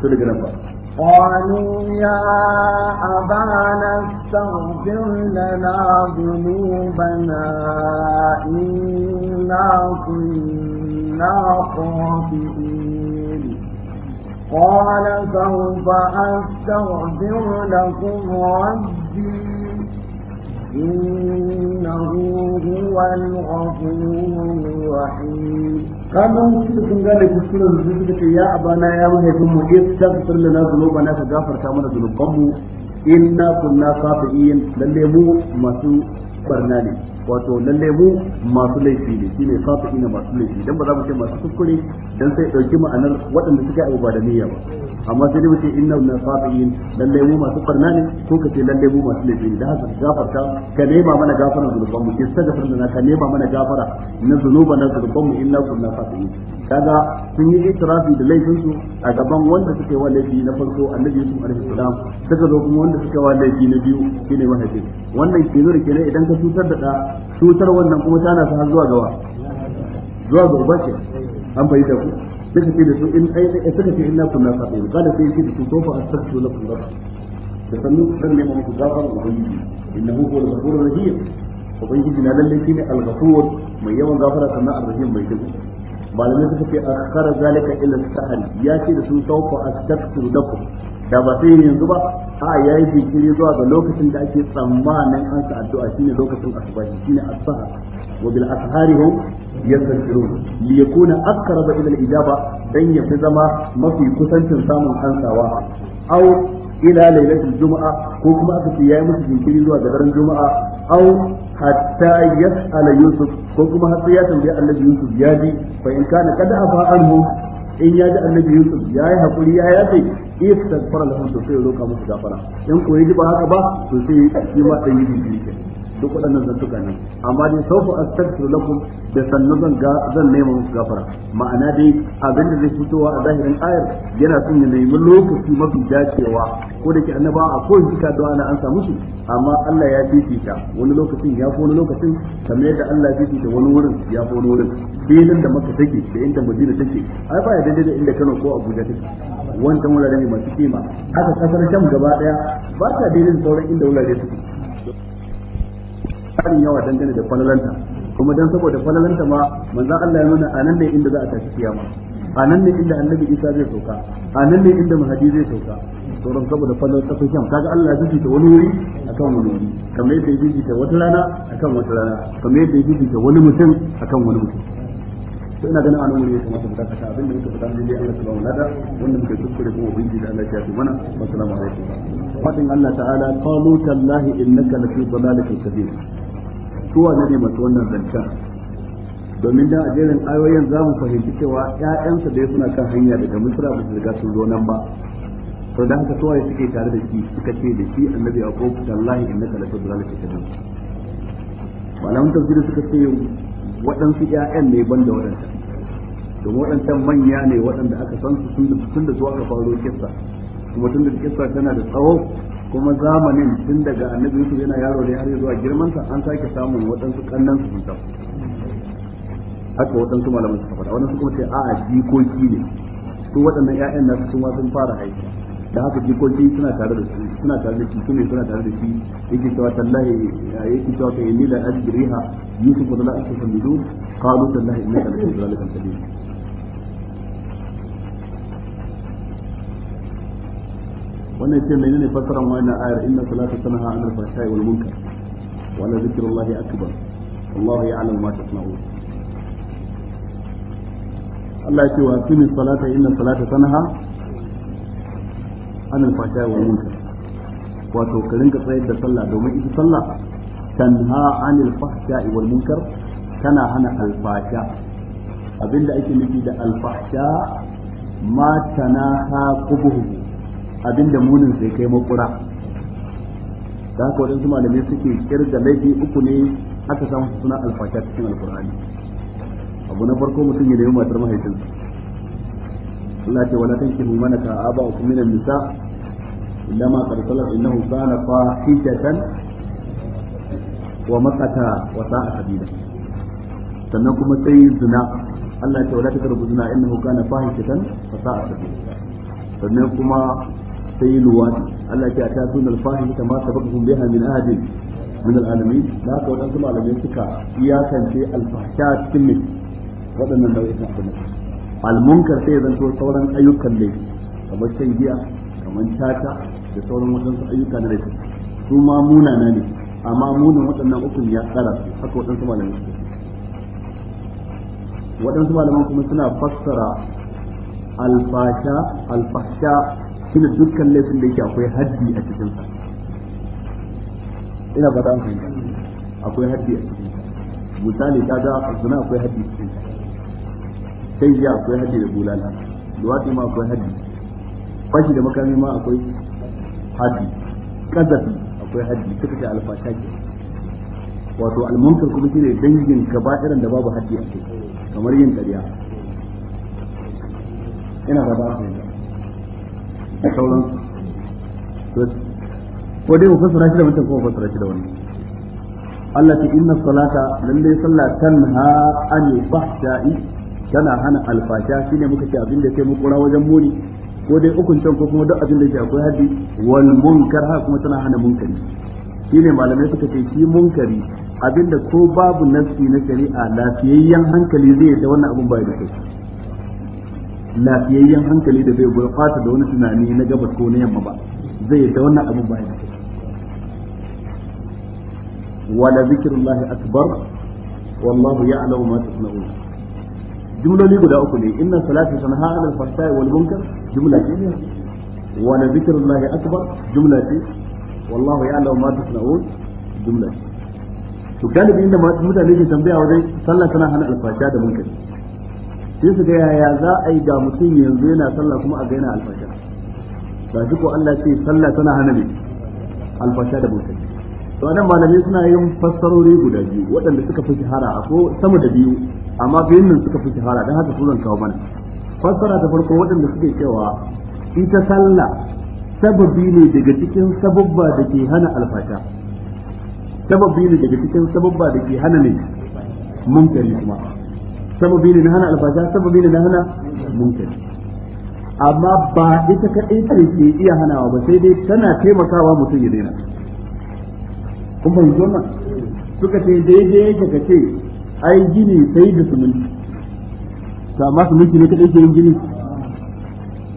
to daga nan ba قالوا يا ذنوبنا إنا كنا خاطئين قال سوف أستغفر لكم ربي إنه هو الغفور الرحيم kanan su sun gane kuskuren su suka ce ya abana ya mu ya tafi tsarin da na zunuba na ka gafarta mana zunubanmu in inna kunna safiyin lalle mu masu barna ne wato lalle mu masu laifi ne shine fatu ina masu laifi dan ba za mu ce masu kuskure dan sai dauki ma'anar waɗanda suka yi ba da niyya ba amma sai mu ce inna na fatuin lalle mu masu barna ne ko ka ce lalle mu masu laifi ne da haka gafarta ka nema mana gafara zunuban mu ke sagafar da ka nema mana gafara na zunuban na zunuban mu inna kunna fatuin kaga sun yi itirafi da laifin su a gaban wanda suka yi wa laifi na farko annabi Yusuf alaihi salam suka zo kuma wanda suka yi wa laifi na biyu shine mahaifin wannan ke nuna kenan idan ka cutar da cutar wannan kuma tana sa har zuwa gawa zuwa ga uba ce an fahimta ku suka ce da su in ai suka ce inna kunna sabiin kada sai yake da su ko fa astaghfiru lakum rabbi da sannu dan ne muku gafara ubangiji innahu huwal ghafurur rahim ubangiji na lalle shine al-ghafur mai yawan gafara sannan ar-rahim mai dubu malamai suka ce akhara zalika ila sahal ya ce da su sawfa astaghfiru lakum da ba sai yanzu ba a ya yi jinkiri zuwa ga lokacin da ake tsammanin an sa addu'a shine lokacin asuba shine as-sahar wa bil ashari hum li yakuna aqraba ila al-ijaba dan ya fi zama mafi kusancin samun hansawa. aw ila lailatul juma'a ko kuma aka ce yayi musu jinkiri zuwa ga daren juma'a aw hatta yas'ala yusuf ko kuma har ya tambaye annabi yusuf ya ji fa in kana kada afa anhu in ya ji annabi Yusuf ya yi hakuri ya yafe istaghfara lahum to sai ya roka musu gafara in koyi ji ba haka ba to sai yi ma ɗan yi jinkiri duk waɗannan zantuka ne amma dai sau ku astaghfiru lakum da sannu zan ga zan nema musu gafara ma'ana dai abin da zai fitowa a zahirin ayar yana son ya nemi lokaci mafi dacewa ko da ke annaba a ko shi da ana an samu shi amma Allah ya fifita wani lokacin ya wani lokacin kamar yadda Allah ya fifita wani wurin ya wani wurin filin da maka take da inda Madina take ai ba ya daidai da inda Kano ko Abuja take wancan wurare ne masu kima haka kasar Sham gaba daya ba ta daidai da sauran inda wurare suke tsarin yawa dangane da falalanta kuma dan saboda falalanta ma manzon Allah ya nuna anan ne inda za a tafi kiyama anan ne inda annabi Isa zai sauka anan ne inda mahadi zai sauka sauran saboda kwalalanta kasar sham kaga Allah ya jiji ta wani wuri akan wani wuri kamar yadda ya jiji ta wata rana akan wata rana kamar yadda ya jiji ta wani mutum akan wani mutum to ina ganin anan wuri ya kamata mu abinda abin da muka faɗa ne dai Allah subhanahu wa wannan wanda muka kuskure kuma ubangiji da Allah ya tafi mana assalamu alaikum fadin Allah ta'ala qalu tallahi innaka lafi dhalalika kabir suwa ne masu wannan zancen domin da a jerin ayoyin za mu fahimci cewa ‘ya'yansa da suna kan hanya daga misra ba su riga sun zo nan ba to da haka suwaye suke tare da shi suka ce da shi annabi a ko tallahi inna ka lafi zuwa ke kadan malamin tafsiri suka ce waɗansu ‘ya'yan ne ban da waɗansa domin waɗancan manya ne waɗanda aka san su tun da zuwa ka faro kissa kuma tun da kissa tana da tsawo kuma zamanin tun daga annabi Yusuf yana yaro ne har zuwa girman sa an sake samun waɗansu kannan su sun haka waɗansu malaman su faɗa waɗansu kuma sai a'a jikoki ne su waɗannan ƴaƴan nasu sun sun fara aiki da haka jikoki suna tare da su suna tare da shi su ne suna tare da shi yake cewa tallahi yake cewa kai ni la ajriha yusuf wa la su min qalu tallahi inna la tudrika al-kabir wannan ce menene fasaran wannan ayar inna salata tanha anil fahsai wal munkar wa la zikrullahi akbar wallahu ya'lamu ma tasna'un Allah ce wa kimi salata inna salata tanha anil fahsai wal munkar wato ka rinka tsayar da sallah domin ita sallah tanha anil fahsai wal munkar tana hana alfasha abinda ake nufi da alfasha ma tanaha qubuhu abinda munin sai kai makura da haka wadansu malamai suke kirga laifi uku ne aka samu su suna alfasha cikin alkur'ani abu na farko mutum ya nemi matar mahaifinsa Allah ce wala tankihu mana ka aba ukum minan nisa illa ma qad salat innahu kana fahishatan wa maqata wa sa'a sabila sannan kuma sai zina Allah ce wala taqrabu zina innahu kana fahishatan wa sa'a sabila sannan kuma sai luwadi Allah ya ta ma biha min ahadin min da haka wadansu malamai suka iyakance alfahsha cikin ne waɗannan nau'ikan abin almunkar sai zan sauran ayyukan ne kamar shan giya kamar da sauran waɗansu ayyuka na rai su ma munana ne amma munin waɗannan ukun ya tsara haka waɗansu malamai suka waɗansu malaman kuma suna fassara alfasha alfasha shine dukkan laifin da yake akwai haddi a cikin sa ina ba an fahimta akwai haddi a cikin sa misali ga suna akwai haddi cikin sa sai ya akwai haddi da bulala luwadi ma akwai haddi fashi da makami ma akwai haddi kazafi akwai haddi suka ce alfasha ke wato almunkar kuma shine dangin irin da babu haddi a cikin, kamar yin dariya. ina ba a fahimta da sauransu ko dai ku shi da mutum ko fassara shi da wani Allah ta inna salata lalle sallah tanha an fahsha'i tana hana alfasha shine muka ce abin da ke mu kura wajen muni ko dai ukun can ko kuma duk abin da ke akwai haddi wal munkar ha kuma tana hana munkari shine malamai suka ce shi munkari abinda ko babu nafsi na shari'a lafiyayyen hankali zai da wannan abun bai da kai lafiyayyen hankali da bai gurɓata da wani tunani na gabas ko na yamma ba zai yadda wannan abin ba ya da wala zikrullahi akbar wallahu ya'lamu ma tasna'un jumloli guda uku ne inna salati tanha 'anil fahsai wal munkar jumla ce ne wala zikrullahi akbar jumla ce wallahu ya'lamu ma tasna'un jumla ce to galibi inda mutane ke tambaya wajen sallah tana hana alfasha da munkari sai su ga yaya za a yi ga mutum yanzu yana sallah kuma a gaina yana alfasha ba shi ko Allah ce sallah tana hana ne alfasha da bautai to anan malamai suna yin fassarori guda biyu waɗanda suka fi shahara a ko sama da biyu amma biyun nan suka fi shahara dan haka su zan kawo mana fassara ta farko waɗanda suke cewa ita sallah sababi ne daga cikin sababba da ke hana alfasha sababi ne daga cikin sababba da ke hana ne munkari kuma sababi ne na hana alfasha sababi ne na hana munkar amma ba ita kaɗai ce ke iya hanawa ba sai dai tana taimakawa mutum ya daina kun yi zama suka ce daidai yake ka ce ai gini sai da suminti to ma suminti ne kaɗai ke yin gini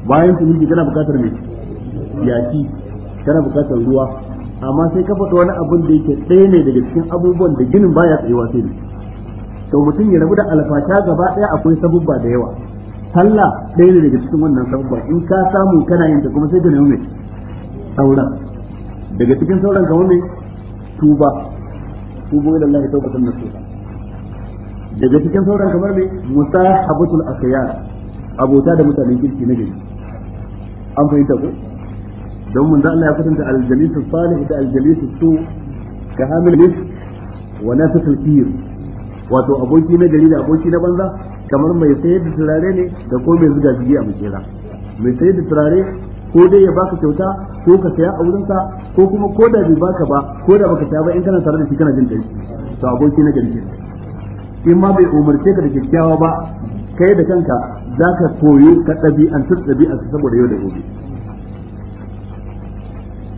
bayan suminti kana buƙatar mai yaki kana buƙatar ruwa amma sai ka faɗi wani abin da yake ɗaya ne daga cikin abubuwan da ginin baya tsayuwa sai ne to mutum ya rabu da alfasha gaba daya akwai sabubba da yawa sallah ɗaya ne daga cikin wannan sabubba in ka samu kana yin ta kuma sai ka nemi sauran daga cikin sauran kamar mai tuba tubu ila Allah sannan tuba daga cikin sauran kamar ne musahabatul akhyar abota da mutanen kirki na gari an fahimta ko don mun da Allah ya kwatanta aljalisu salih da aljalisu su ka hamilis wa nafisul kir wato aboki na gari da aboki na banza kamar mai sayar da turare ne da ko mai zuga jigi a makera mai sayar da turare ko dai ya baka kyauta ko ka saya a wurinsa ko kuma ko da bai baka ba ko da baka saya ba in kana tare da shi kana jin dai to aboki na gari in ma bai umarce ka da kyakkyawa ba kai da kanka za ka koyo ka ɗabi'antar ɗabi'arsa saboda yau da gobe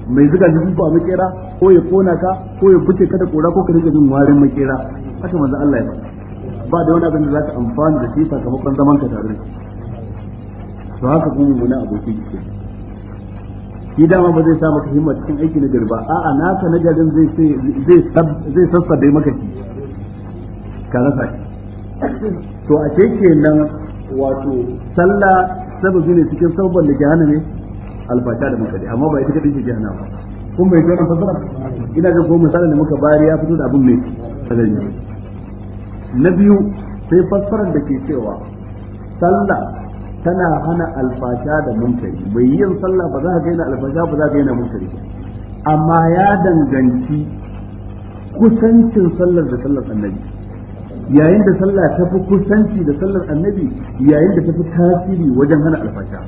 mai zuga jiki ko a makera ko ya kona ka ko ya buce ka da kora ko ka rika jin warin makera haka manzon Allah ya faɗa ba da wani abin da zaka amfana da shi sakamakon zaman ka tare to haka kuma mun aboki ke. shi dama ba zai sa maka himma cikin aiki na garba a'a naka na garin zai zai zai sassabe maka shi ka rasa shi to a ce kenan wato sallah sababi ne cikin sabon da jahana ne alfata da muka amma ba ita kadai ce jahana ba kun bai ga fasara ina ga ko misalin da muka bayar ya fito da abun ne sanin na biyu sai fassarar da ke cewa sallah tana hana alfasha da munkari mai yin sallah ba za ka gaina alfasha ba za ka gaina munkari amma ya danganci kusancin sallar da sallar annabi yayin da sallah ta fi kusanci da sallar annabi yayin da ta fi tasiri wajen hana alfasha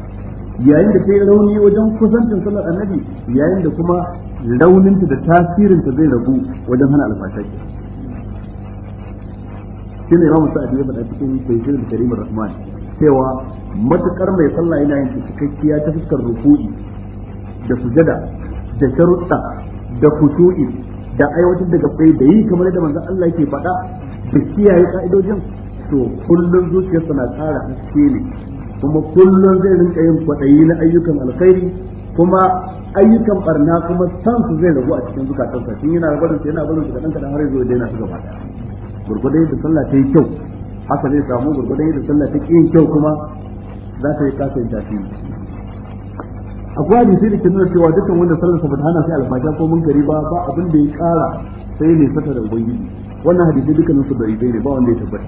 yayin da ta yi rauni wajen kusancin sallar annabi yayin da kuma rauninta da tasirinta zai ragu wajen hana alfasha shine imamu sa'adi ya faɗa cikin bayyana da karimar rahman cewa matukar mai sallah yana yin cikakkiya ta fuskar ruku'i da sujada da sharuɗa da kutu'i da aiwatar da gabbai da yi kamar da manzon Allah yake faɗa da kiyaye ka'idojin to kullum zuciyarsa na tsara haske ne kuma kullum zai rinka yin kwaɗayi na ayyukan alkhairi kuma ayyukan barna kuma san su zai ragu a cikin zukatansa tun yana rabu sai yana barin su kaɗan kaɗan har yanzu daina su gaba ɗaya gurgudai yadda sallah ta yi kyau haka zai samu gurgudai yadda sallah ta yi kyau kuma za ta yi kasan tafi akwai sai da ke nuna cewa dukkan wanda sallarsa ba ta hana sai alfajar ko mun gari ba ba abin da ya kara sai ne sata da ubangiji wannan hadisi dukkanin nasu da bai ne ba wanda ya tabbata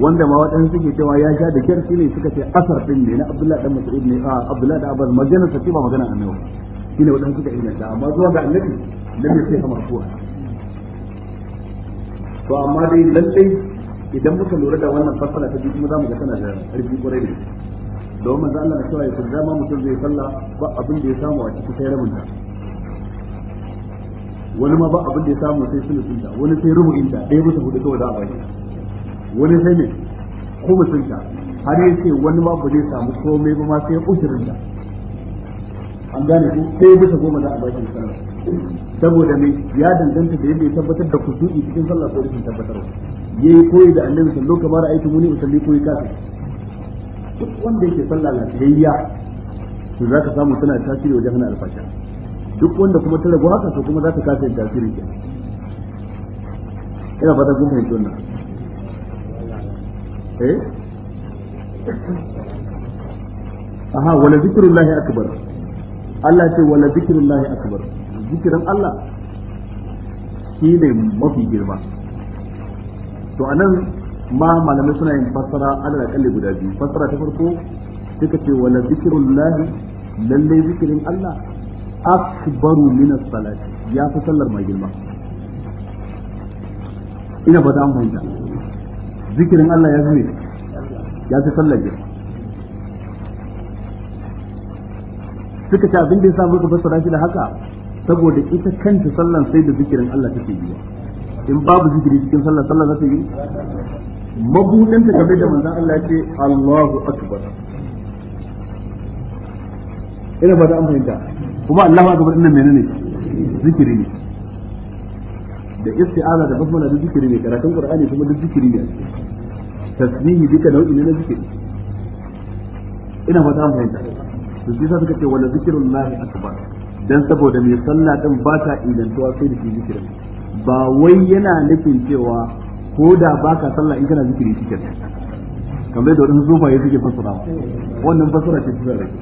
wanda ma waɗansu suke cewa ya sha da kyar shine suka ce asar din ne na Abdullahi dan Mas'ud ne a Abdullahi da Abbas magana sa ce ba magana annabi shine waɗansu suka inganta amma zuwa ga annabi sai yasiha marfu'a to amma dai lallai idan muka lura da wannan fassara ta biyu kuma zamu ga tana da ƙarfi ƙwarai da domin manzo Allah cewa ya kurda ma mutum zai sallah ba abin da ya samu a cikin sai rabin ta wani ma ba abin da ya samu sai sulusun ta wani sai rubu'in ta ɗaya bisa hudu kawai za a bashi wani sai ne kubusin ta har ya ce wani ma ba zai samu komai ba ma sai ushirin ta an gane ku sai bisa goma za a bashi sallah saboda mai ya danganta da yadda ya tabbatar da kusu'i cikin sallah ko rashin Ya yayi koyi da annabi sallallahu kamar aiki muni usalli koyi kafi duk wanda yake sallah lafiyayya to za ka samu tana tasiri wajen hana alfasha duk wanda kuma ta ragu haka to kuma za ta kasa yin tasiri ke ina fata kun fahimci wannan eh aha wala zikrullahi akbar Allah ce wala zikrullahi akbar zikirin Allah shi ne mafi girma to anan ma malamai suna yin fassara alal kalli guda biyu fassara ta farko suka ce wala zikrullahi lalle zikirin Allah akbaru min as salat ya fi sallar mai girma ina ba ta an fahimta zikirin Allah ya zuwe ya fi sallar girma suka ce abin da ya samu ka fassara shi da haka saboda ita kanta sallan sai da zikirin Allah take biya in babu zikiri cikin sallah sallah za ta yi mabudan ta da manzon Allah ya ce Allahu akbar ina ba da an fahimta kuma Allahu akbar dinnan menene zikiri ne da isti'aza da basmala da zikiri ne karatun qur'ani kuma da zikiri ne tasbihi duka nau'i ne na zikiri ina ba da an fahimta to sai suka ce wala zikrullahi akbar dan saboda mai sallah din ba ta ingantuwa sai da ke zikirin ba wai yana nufin cewa ko da ba ka sallah in kana zikiri shi kenan kamar da wani zuwa ya zike fassara wannan fassara ce ta rai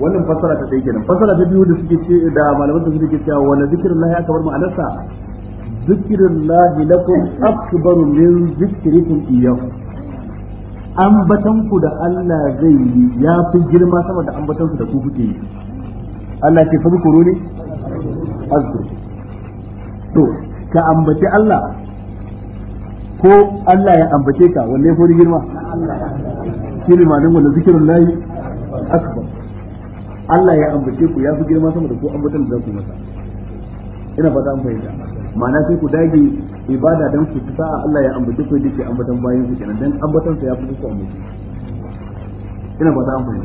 wannan fassara ta ɗaya kenan fassara ta biyu da suke ce da malaman suke ke cewa wala zikrullahi akbar ma'anarsa zikrullahi lakum akbaru min zikrikum iyyahu ambaton ku da Allah zai yi ya fi girma sama da ambaton ku da ku kuke yi Allah ce fabi kuro ne azkur to ka ambace Allah ko Allah ya ambace ka wanne ko ni girma shi ne malin wanda zikirin layi akbar Allah ya ambace ku ya fi girma sama da ku ambatan da za ku masa ina fata an fahimta ma'ana sai ku dage ibada dan ku ta Allah ya ambata ku dake ambatan bayan ku kenan dan ambatan sa ya fi ku ambata ina ba ta amfani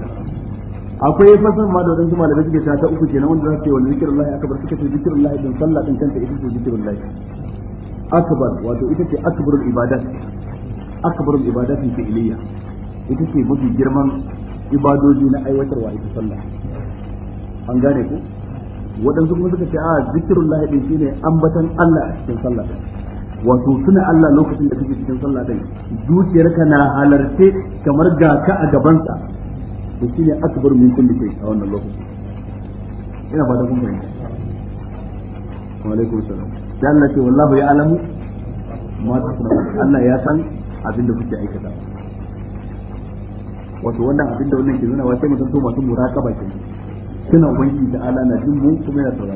akwai fasar ma da wadansu malamai suke ta ta uku kenan wanda za su ce wani zikirullahi akbar suka ce zikirullahi din sallah din kanta ita ce zikirullahi akbar wato ita ce akbarul ibadat akbarul ibadat fi iliyya ita ce mafi girman ibadoji na aiwatarwa ita sallah an gane ku waɗansu kuma suka ce a zikirun lahi din shine ambatan Allah a cikin sallah din wato suna Allah lokacin da kake cikin sallah din zuciyarka na halarce kamar ga ka a gabansa to shine akbar min kulli shay a wannan lokacin ina ba kun fahimta wa alaikum salam dan Allah ce wallahu ya alamu ma tasnawu Allah ya san abinda kuke aikata wato wannan abinda wannan ke nuna wa sai mutum to masu muraqaba kenan suna ubangiji da ala na jin mu kuma yana saurara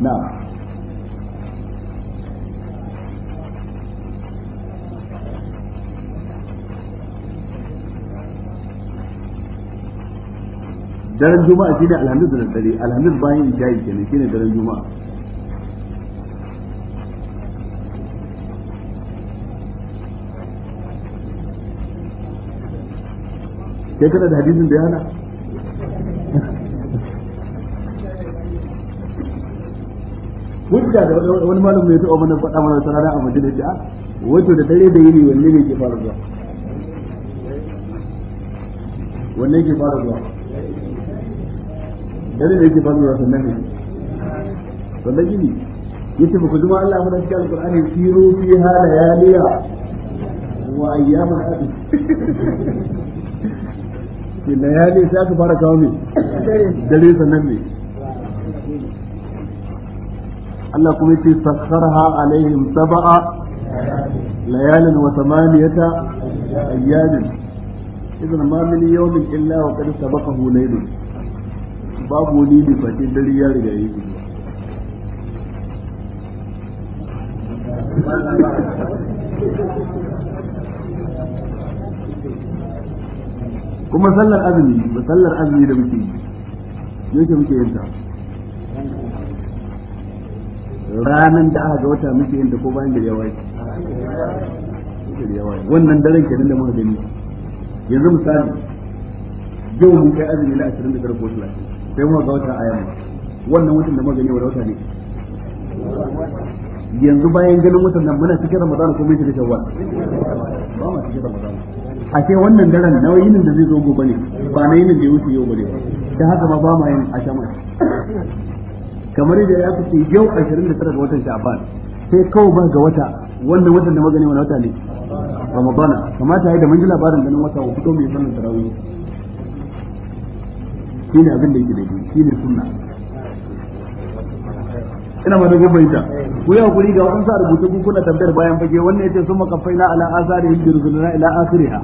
na daren juma'a shi ne alhamdulillah da daddare alhamdulillah bayan ijayi shi ne daren juma'a sai kana da hadisin da yana hujja da wani malam ya taɓa mana faɗa mana sarara a madina ta ah, wato da dare da yini wanne ne ke fara zuwa wanne ke fara zuwa dare da ke fara zuwa sannan ne sannan gini yace ba ku zuma Allah mana cikin alqur'ani siru fi halayaliya wa ayyaman hadi [LAUGHS] ki layali sai ka fara kawo me dare sannan ne أنكم سخرها عليهم سبعة ليال وثمانية أيام إذا ما من يوم إلا وقد سبقه ليل باب وليد فتي دليا لجايب كما سلر أذني وسلر أذني لمكي ليش مكي إنسان ranan da aka ga wata muke yin da ko bayan gari ya waye wannan daren kenan da muka gani yanzu misali yau mun kai azumi na 29 ko 30 sai mun ga wata ayama wannan watan da muka gani wani wata ne yanzu bayan ganin watan nan muna cikin ramadan ko mun shiga shawwal ba mu cikin ramadan a ce wannan daren na da zai zo gobe ne ba na yinin da ya wuce yau bane da haka ma ba ma yin ashama kamar yadda ya fice yau 29 ga watan sha'ban sai kawai ba ga wata wannan watan da magani wani wata ne ramadana kamata ya da mun ji labarin da nan wata ko fito mai sanin tarawih shine abin da yake daidai shine sunna ina ma da gobe ta ku yi hakuri ga wani sa rubutu ku kuna tambayar bayan fage wannan yace sun makafai na ala azari bi rusulina ila akhiriha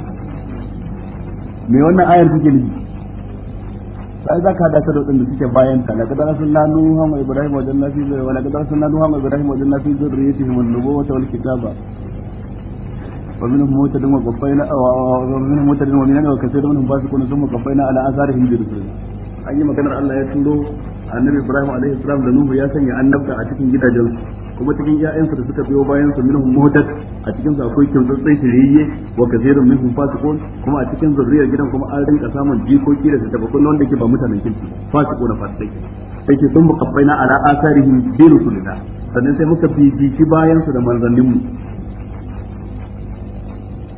me wannan ayar kuke nufi sai zaka da ta ka da suke bayan ta la kadar sunna nuha ma ibrahim wa janna fi zurri wa la kadar sunna nuha ma ibrahim wa janna fi zurriyatihim an-nubuwwata wal kitaba wa minhum mutadun wa qaffayna wa minhum mutadun wa minhum kaseerun minhum fasiqun thumma qaffayna ala atharihim bi rusul an yi maganar Allah ya tundo annabi ibrahim alaihi salam da nuhu ya sanya annabta a cikin gidajensu kuma cikin 'ya'yansu da suka biyo bayan su minhum muhdat a cikin su akwai kin zai shiriyye wa kaseerun minhum fasiqun kuma a cikin zurriyar gidan kuma an rinka samun jikoki da tabbakun wanda ke ba mutanen kirki fasiquna fasiqai yake sun muqaffaina ala asarihim bi rusulina sannan sai muka bibiki bayan su da manzanninmu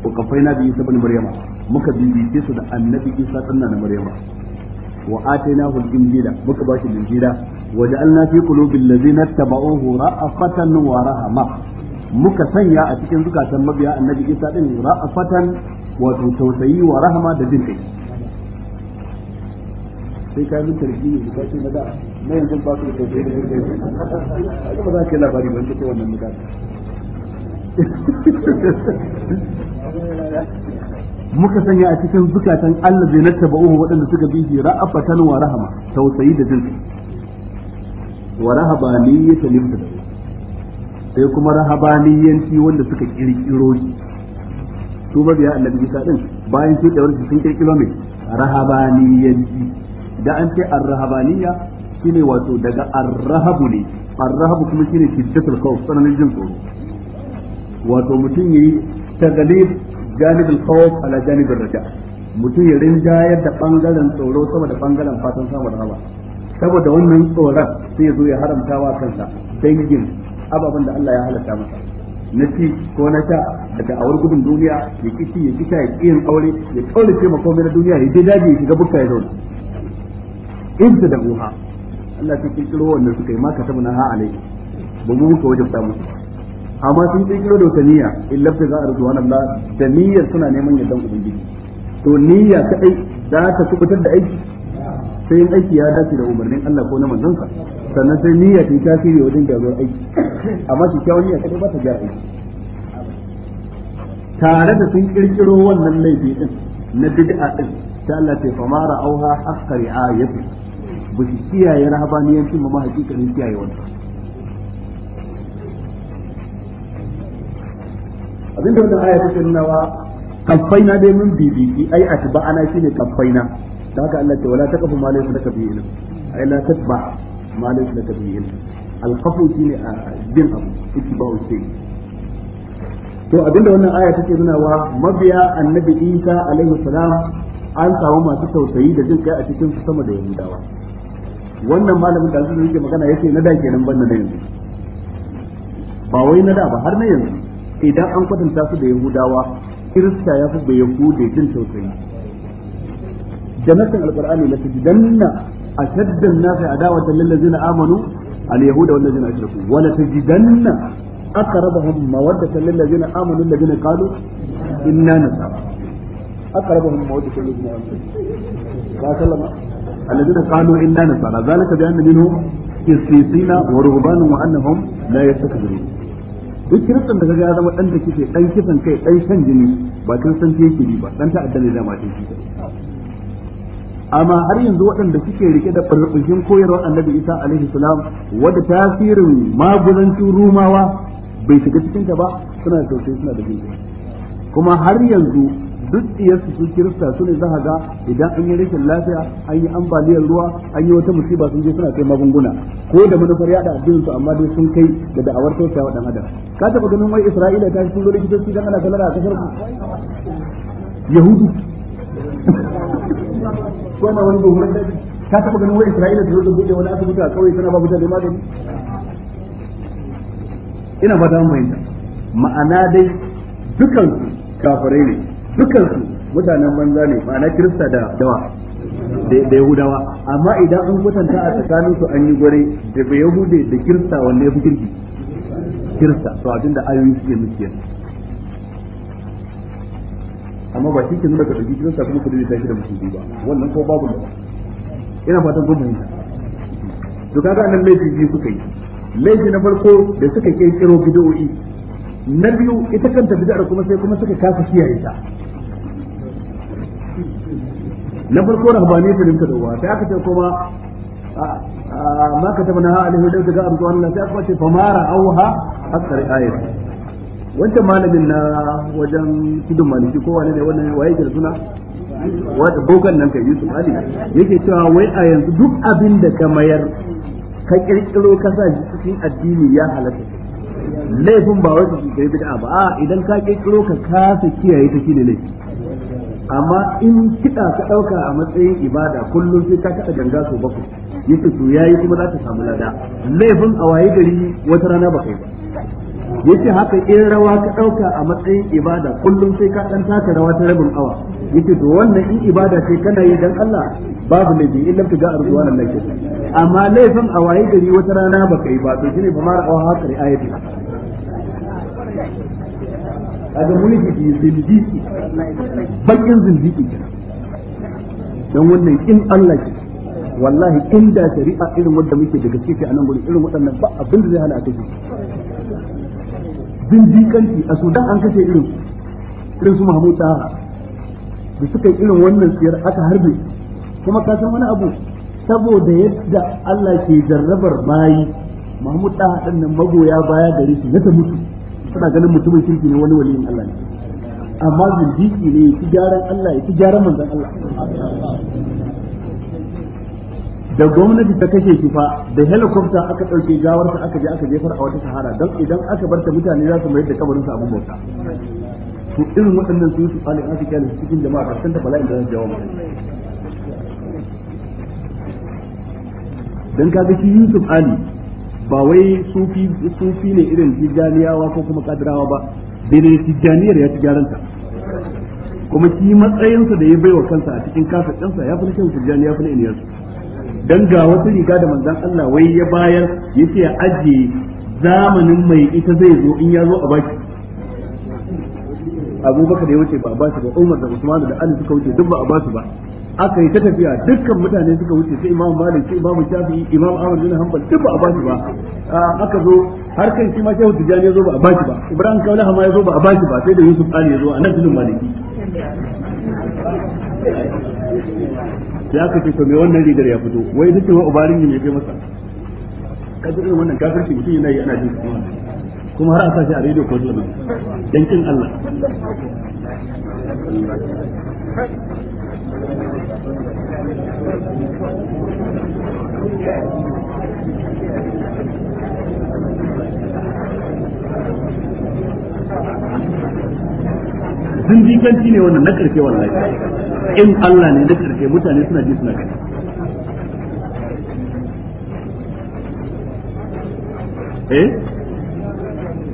muqaffaina bi isa bin maryama muka bibike su da annabi isa sannan na maryama wa atainahu al-injila muka bashi injila waja'alna fi qulubil ladzina tabauhu ra'afatan wa rahama muka sanya a cikin zukatan mabiya annabi Isa din ra'afatan wato tausayi wa da jin kai sai ka yi tarki ne ka ce na da na yanzu ba su da da ba za labari ba wannan muka sanya a cikin zukatan Allah zai na waɗanda suka bi shi ra'afatan wa rahama tausayi da jin wa rahabaniyya limta da sai kuma rahabaniyanci wanda suka kirkiro shi su mabiya annabi Isa din bayan shi da wani sun kirkiro mai rahabaniyanci da an ce ar shine wato daga ar-rahabu ne ar-rahabu kuma shine kiddatul khawf tsananin jin tsoro wato mutum yayi tagalib janibul khawf ala janibir raja mutum ya rinjayar da bangaren tsoro sama da bangaren fatan samun rahama saboda wannan tsoron sai ya zo ya haramta wa kansa dangin ababen da Allah ya halatta masa na ci ko na sha daga awar gudun duniya ya kici ya kisha ya kiyin aure ya tsaure ce makomai na duniya ya je daji ya shiga bukka ya zauna in da uha Allah sai kirkiro wannan suka yi ma ka tabuna ha alai ba mu muka wajabta musu amma sun kirkiro da wata niyya in ta za a rubuwa Allah da niyyar suna neman yardan ubangiji to niyya kadai za ta kubutar da aiki sai yin aiki ya dace da umarnin Allah ko na manzonsa sannan sai niyya ta tasiri wajen gyaruwar aiki amma shi kyawun niyya kadai ba ta gyara aiki tare da sun kirkiro wannan laifi din na bid'a din sai Allah ta fama ra'auha haqqa ri'ayati bu su kiyaye rahabaniyancin ma hakikanin kiyaye wannan abinda wannan aya take nunawa kaffaina dai mun bibiyi ai atba'ana shine kafaina. da haka Allah ce wala taqfu malai su na bihi ilim ai la ba malai su laka bihi ilim alkafu shi ne a bin abu ba wuce? to abinda wannan aya take nuna wa mabiya annabi Isa alaihi salam an samu masu tausayi da jin kai a cikin su sama da Yahudawa wannan malamin da zai yake magana yake na da kenan ban na yanzu ba wai na da ba har na yanzu idan an kwatanta su da Yahudawa kirista ya fi bai da jin tausayi da nasin a la tajidanna ashadda an-nasi adawatan lil ladzina amanu al-yahud wal ladzina ashraku wa la tajidanna aqrabahum mawaddatan lil ladzina amanu alladhina qalu inna nasara aqrabahum mawaddatan lil ladzina amanu sallama alladhina qalu wa duk kiristan da kaga ya zama dan da kike dan kisan kai dan shan jini ba kan san ke ba dan ta'adda ne zama ta shi amma har yanzu waɗanda suke rike da ɓarɓashin koyarwa annabi isa alaihi salam wadda tasirin magudancin rumawa bai shiga cikin ta ba suna da sosai suna da jinkai kuma har yanzu duk iyarsu su kirista su ne za ga idan an yi rikin lafiya an yi ambaliyar ruwa an yi wata musiba sun je suna kai magunguna ko da manufar yada addinin su amma dai sun kai da da'awar tausaya wa dan adam ka taɓa ganin wai isra'ila ta shi sun zo likitoci dan ana kalara a kasar mu. yahudu ko yana wani dogon daji ka taɓa ganin wani isra'ila da zo buɗe wani asibiti a kauye tana ba mutane magani ina fata mun fahimta ma'ana dai dukan kafirai ne dukan su mutanen banza ne ma'ana kirista da dawa da yahudawa amma idan an kwatanta a tsakanin su an yi gore da bai yahude da kirista wanda ya fi kirki kirista to abinda ayoyi suke muke amma ba shi ke nuna ka ɗauki kirista kuma ka dole ta shi da musulmi ba wannan ko babu da ina fatan kun yi to kaga nan laifi biyu suka yi laifi na farko da suka ke kiro bid'o'i na biyu ita kanta bid'ar kuma sai kuma suka kasa kiyaye ta na farko rahbaniyatu limta dawa sai aka ce kuma ma katabna ha alaihi da ga arzuwan Allah sai aka ce fa auha akthar ayati wancan malamin na wajen tudun maliki ko wani ne wannan waye ke suna wata bokan nan kai Yusuf Ali yake cewa wai a yanzu duk abin da ka mayar ka kirkiro ka sa cikin addini ya halatta laifin ba wai su kai bid'a ba a idan ka kirkiro ka kasa kiyaye ta shine laifi amma in kiɗa ka ɗauka a matsayin ibada kullum sai ka kada ganga sau bakwai yake to yayi kuma za ka samu lada laifin a waye gari wata rana ba kai ba yace haka in rawa ka dauka a matsayin ibada kullum sai ka dan taka rawa ta rabin awa yace to wannan in ibada sai kana yi dan Allah babu ne in lam tuga arzuwan Allah ke amma laifin a waye gari wata rana baka yi ba to shine ba mara awa haka ri ayati kaga mulki zindiki bakin zindiki dan wannan in Allah ke wallahi inda shari'a irin wanda muke daga cikin a nan gurin irin wadannan ba abin da zai hana a ji bindikanti a sudan an kashe irin irin su mahmud taha da suka yi irin wannan siyar aka harbe kuma ka san wani abu saboda yadda Allah ke jarrabar bayi mahmud taha din nan magoya baya gare shi na ta mutu suna ganin mutumin kirki ne wani waliyin Allah ne amma bindiki ne ya ci gyaran Allah ya ci gyaran manzon Allah da gwamnati ta kashe shi fa da helicopter aka ɗauke gawar ta aka je aka jefar a wata sahara don idan aka bar ta mutane za su mayar da kabarin sa abin bauta to irin waɗannan su su alin aka kyale su cikin jama'a ba san da bala'in da zai jawo mutane dan kaga shi Yusuf Ali ba wai sufi sufi ne irin tijaniyawa ko kuma kadirawa ba dai ne tijaniyar ya ci kuma shi matsayinsa da ya baiwa kansa a cikin kasa kansa ya fi shan tijani ya fi na iniyarsa dan ga wata riga da manzon Allah wai ya bayar yace ya aje zamanin mai ita zai zo in ya zo a baki abubakar ya wuce ba a bashi ba umar da usman da ali suka wuce duk ba a basu ba aka yi ta tafiya dukkan mutane suka wuce sai imam malik sai imam shafi'i imam ahmad bin hanbal duk ba a bashi ba aka zo har kan shi ma shehu tijani ya zo ba a bashi ba ibrahim kaulaha ma ya zo ba a bashi ba sai da yusuf ali ya zo a nan tudun maliki sai aka ce to me wannan rigar ya fito wai duk cewa ubarin ne mai kai masa kaji irin wannan kafirci mutum yana yi ana jin su kuma har a sa shi a rediyo ko zuwa dan kin Allah Thank you. zindiganci ne wannan na karfe wallahi in Allah ne na karfe mutane suna ji suna gani eh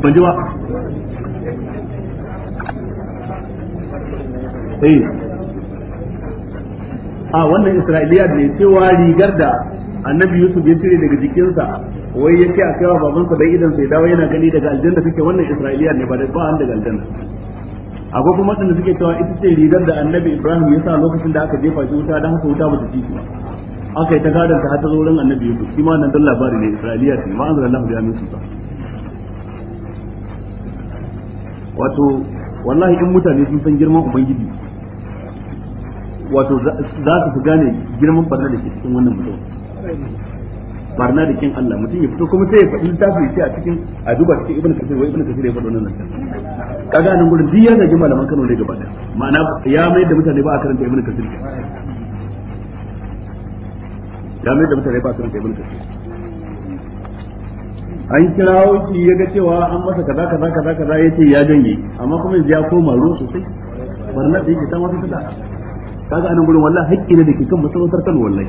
ban ji ba eh a wannan isra'iliya ya cewa rigar da annabi yusuf ya cire daga jikinsa wai ya ce a kaiwa babansa dan idan sai dawo yana gani daga aljanna kake wannan isra'iliya ne ba da ba an daga aljanna akwai kuma waɗanda suke cewa ita ce rigar da annabi ibrahim ya sa lokacin da aka jefa shi wuta don haka wuta ba ta ci shi ba aka yi ta gadon ta hata ta annabi yusuf shi ma nan don labari ne isra'iliya ce ma an zara lafi biya musu ba wato wallahi in mutane sun san girman ubangiji wato za su fi gane girman barna da ke cikin wannan mutum barna da kin Allah mutum ya fito kuma sai ya faɗi littafi ya ce a cikin a duba cikin Ibn kasir wai ibnu kasir ya faɗi wannan nan kaga nan gurin duk ya zagi malaman Kano ne gaba daya ma'ana ya mai da mutane ba a karanta Ibn kasir ya mai da mutane ba a karanta Ibn kasir an kira shi ya ga cewa an masa kaza kaza kaza kaza ce ya janye amma kuma yanzu ya koma ruwa sosai barna da yake ta wata tada kaga anan gurin wallahi haƙƙi ne da ke kan masarautar Kano wallahi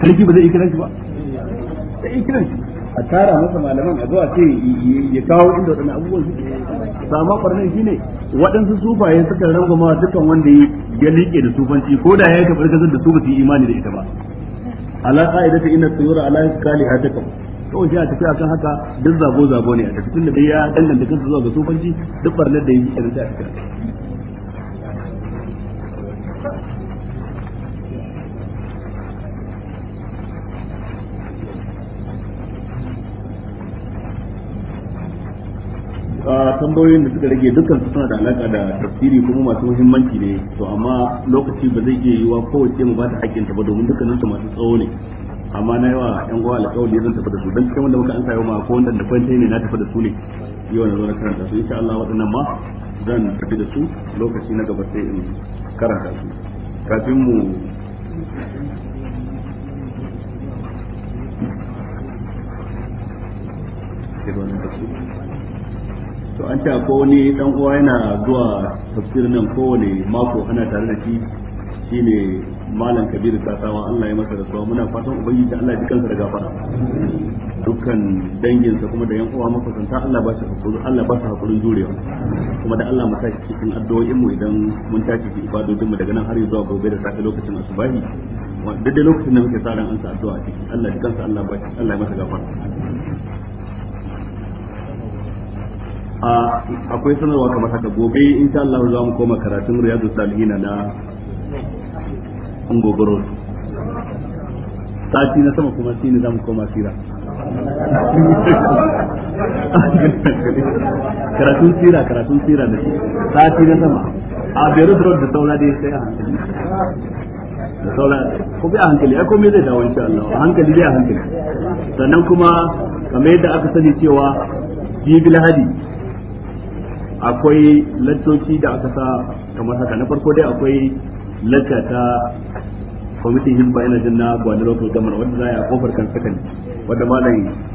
sarki ba zai ikira shi ba sai ikira shi a tara masa malaman a zuwa ce ya kawo inda waɗannan abubuwan su to amma shi ne waɗansu sufaye suka rangwama dukkan wanda ya liƙe da sufanci ko da yi kafar gazan da su ba su yi imani da ita ba ala qa'idati inna tsura ala kali hatakum kawai shi a tafi akan haka duk zabo zabo ne a tafi tun da ya danganta kansa zuwa ga sufanci duk barnar da yi kenan sai a tafi tambayoyin da suka rage dukkan su suna da alaka da tafsiri kuma masu muhimmanci ne to amma lokaci ba zai iya yiwa kowace mu ba ta hakkin ta ba domin dukkanin su masu tsawo ne amma na yawa yan gwa alƙawari zan tafi da su dan cikin wanda muka an sayo ma ko wanda da kwanta ne na tafi da su ne yau na zo na karanta su insha Allah waɗannan ma zan tafi da su lokaci na gaba sai in karanta su kafin mu Thank you. to an ce ko wani dan uwa yana zuwa tafsir nan kowane mako ana tare da shi shine malam kabiru sasawa Allah ya masa rasuwa muna fatan ubangiji Allah ya kansa da gafara dukkan danginsa kuma da yan uwa makusanta Allah ba su hakuri Allah ba su hakurin jurewa kuma da Allah mu ci cikin addu'o'in mu idan mun tashi cikin ibadodin mu daga nan har zuwa gobe da safe lokacin asubahi wanda da lokacin da muke sa ran an sa addu'a ciki Allah ya kansa Allah ba Allah ya masa gafara akwai sanarwa kamar haka gobe in sha Allah za mu koma karatun riyadu salihina na gogoro sati na sama kuma ne za mu koma sira karatun sira karatun sira da shi sati na sama a beru Road da saura dai sai a hankali da saura ko bi a hankali ya komai zai dawo insha Allah a hankali dai a hankali sannan kuma kamar yadda aka sani cewa jibi lahadi akwai lantoci da aka sa kamar haka na farko dai akwai latta ta kwamitin himba bayan jin na gwanin lokacin gamar wadda za a kofar kan sakan wadda malam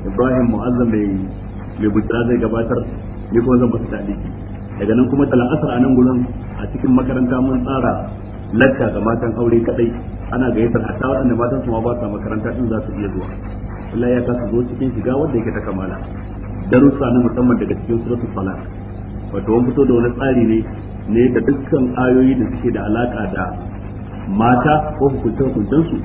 ibrahim mu'azzam mai mai bujira zai gabatar ni kuma zan basu taɗi daga nan kuma talan asar a nan gurin a cikin makaranta mun tsara lacca ga matan aure kadai ana gayyatar hatta waɗanda matan su ma ba sa makaranta din za su iya zuwa Allah ya su zo cikin shiga wanda yake ta kamala darussa na musamman daga cikin suratul falaq wato wani fito da wani tsari ne ne da dukkan ayoyi da suke da alaka da mata ko hukuncen hukuncensu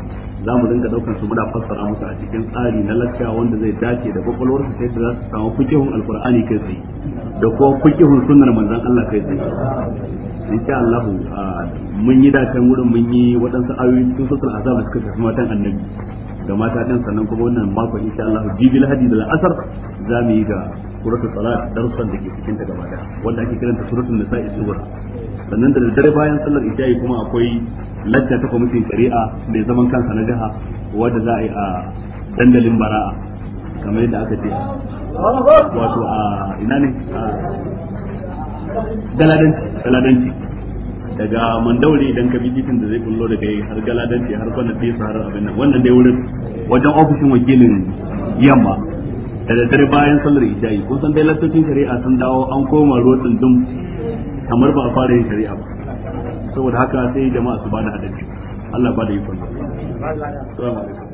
za mu dinga daukar su muna fassara musu a cikin tsari na lakka wanda zai dace da kwakwalwar su sai da za su samu fikihun alkur'ani kai tsaye da kuma fikihun sunnar manzon Allah kai tsaye insha Allah mun yi da kan wurin mun yi waɗansu ayoyi cikin suratul azaba da suka tafi matan annabi ga mata din sannan kuma wannan mako insha Allah jibil lahadi da asar za mu yi ga suratul salat darussan da ke cikin ta gaba daya wanda ake kiranta suratul nisa'i sura sannan da daddare bayan sallar isha'i kuma akwai lacca ta kwamitin shari'a mai zaman kansa na jiha wanda za a yi a dandalin bara'a kamar yadda aka ce wato a ina ne daladanci daladanci daga mandauri idan ka bi titin da zai kullo daga har galadanci har kwana da su har abin nan wannan dai wurin wajen ofishin wakilin yamma da daddare bayan sallar ijayi kun san dai lattocin shari'a sun dawo an koma rotsin dum kamar ba a fara yin shari'a ba saboda haka sai jama'a su bada adalci Allah ba da yi kwallo.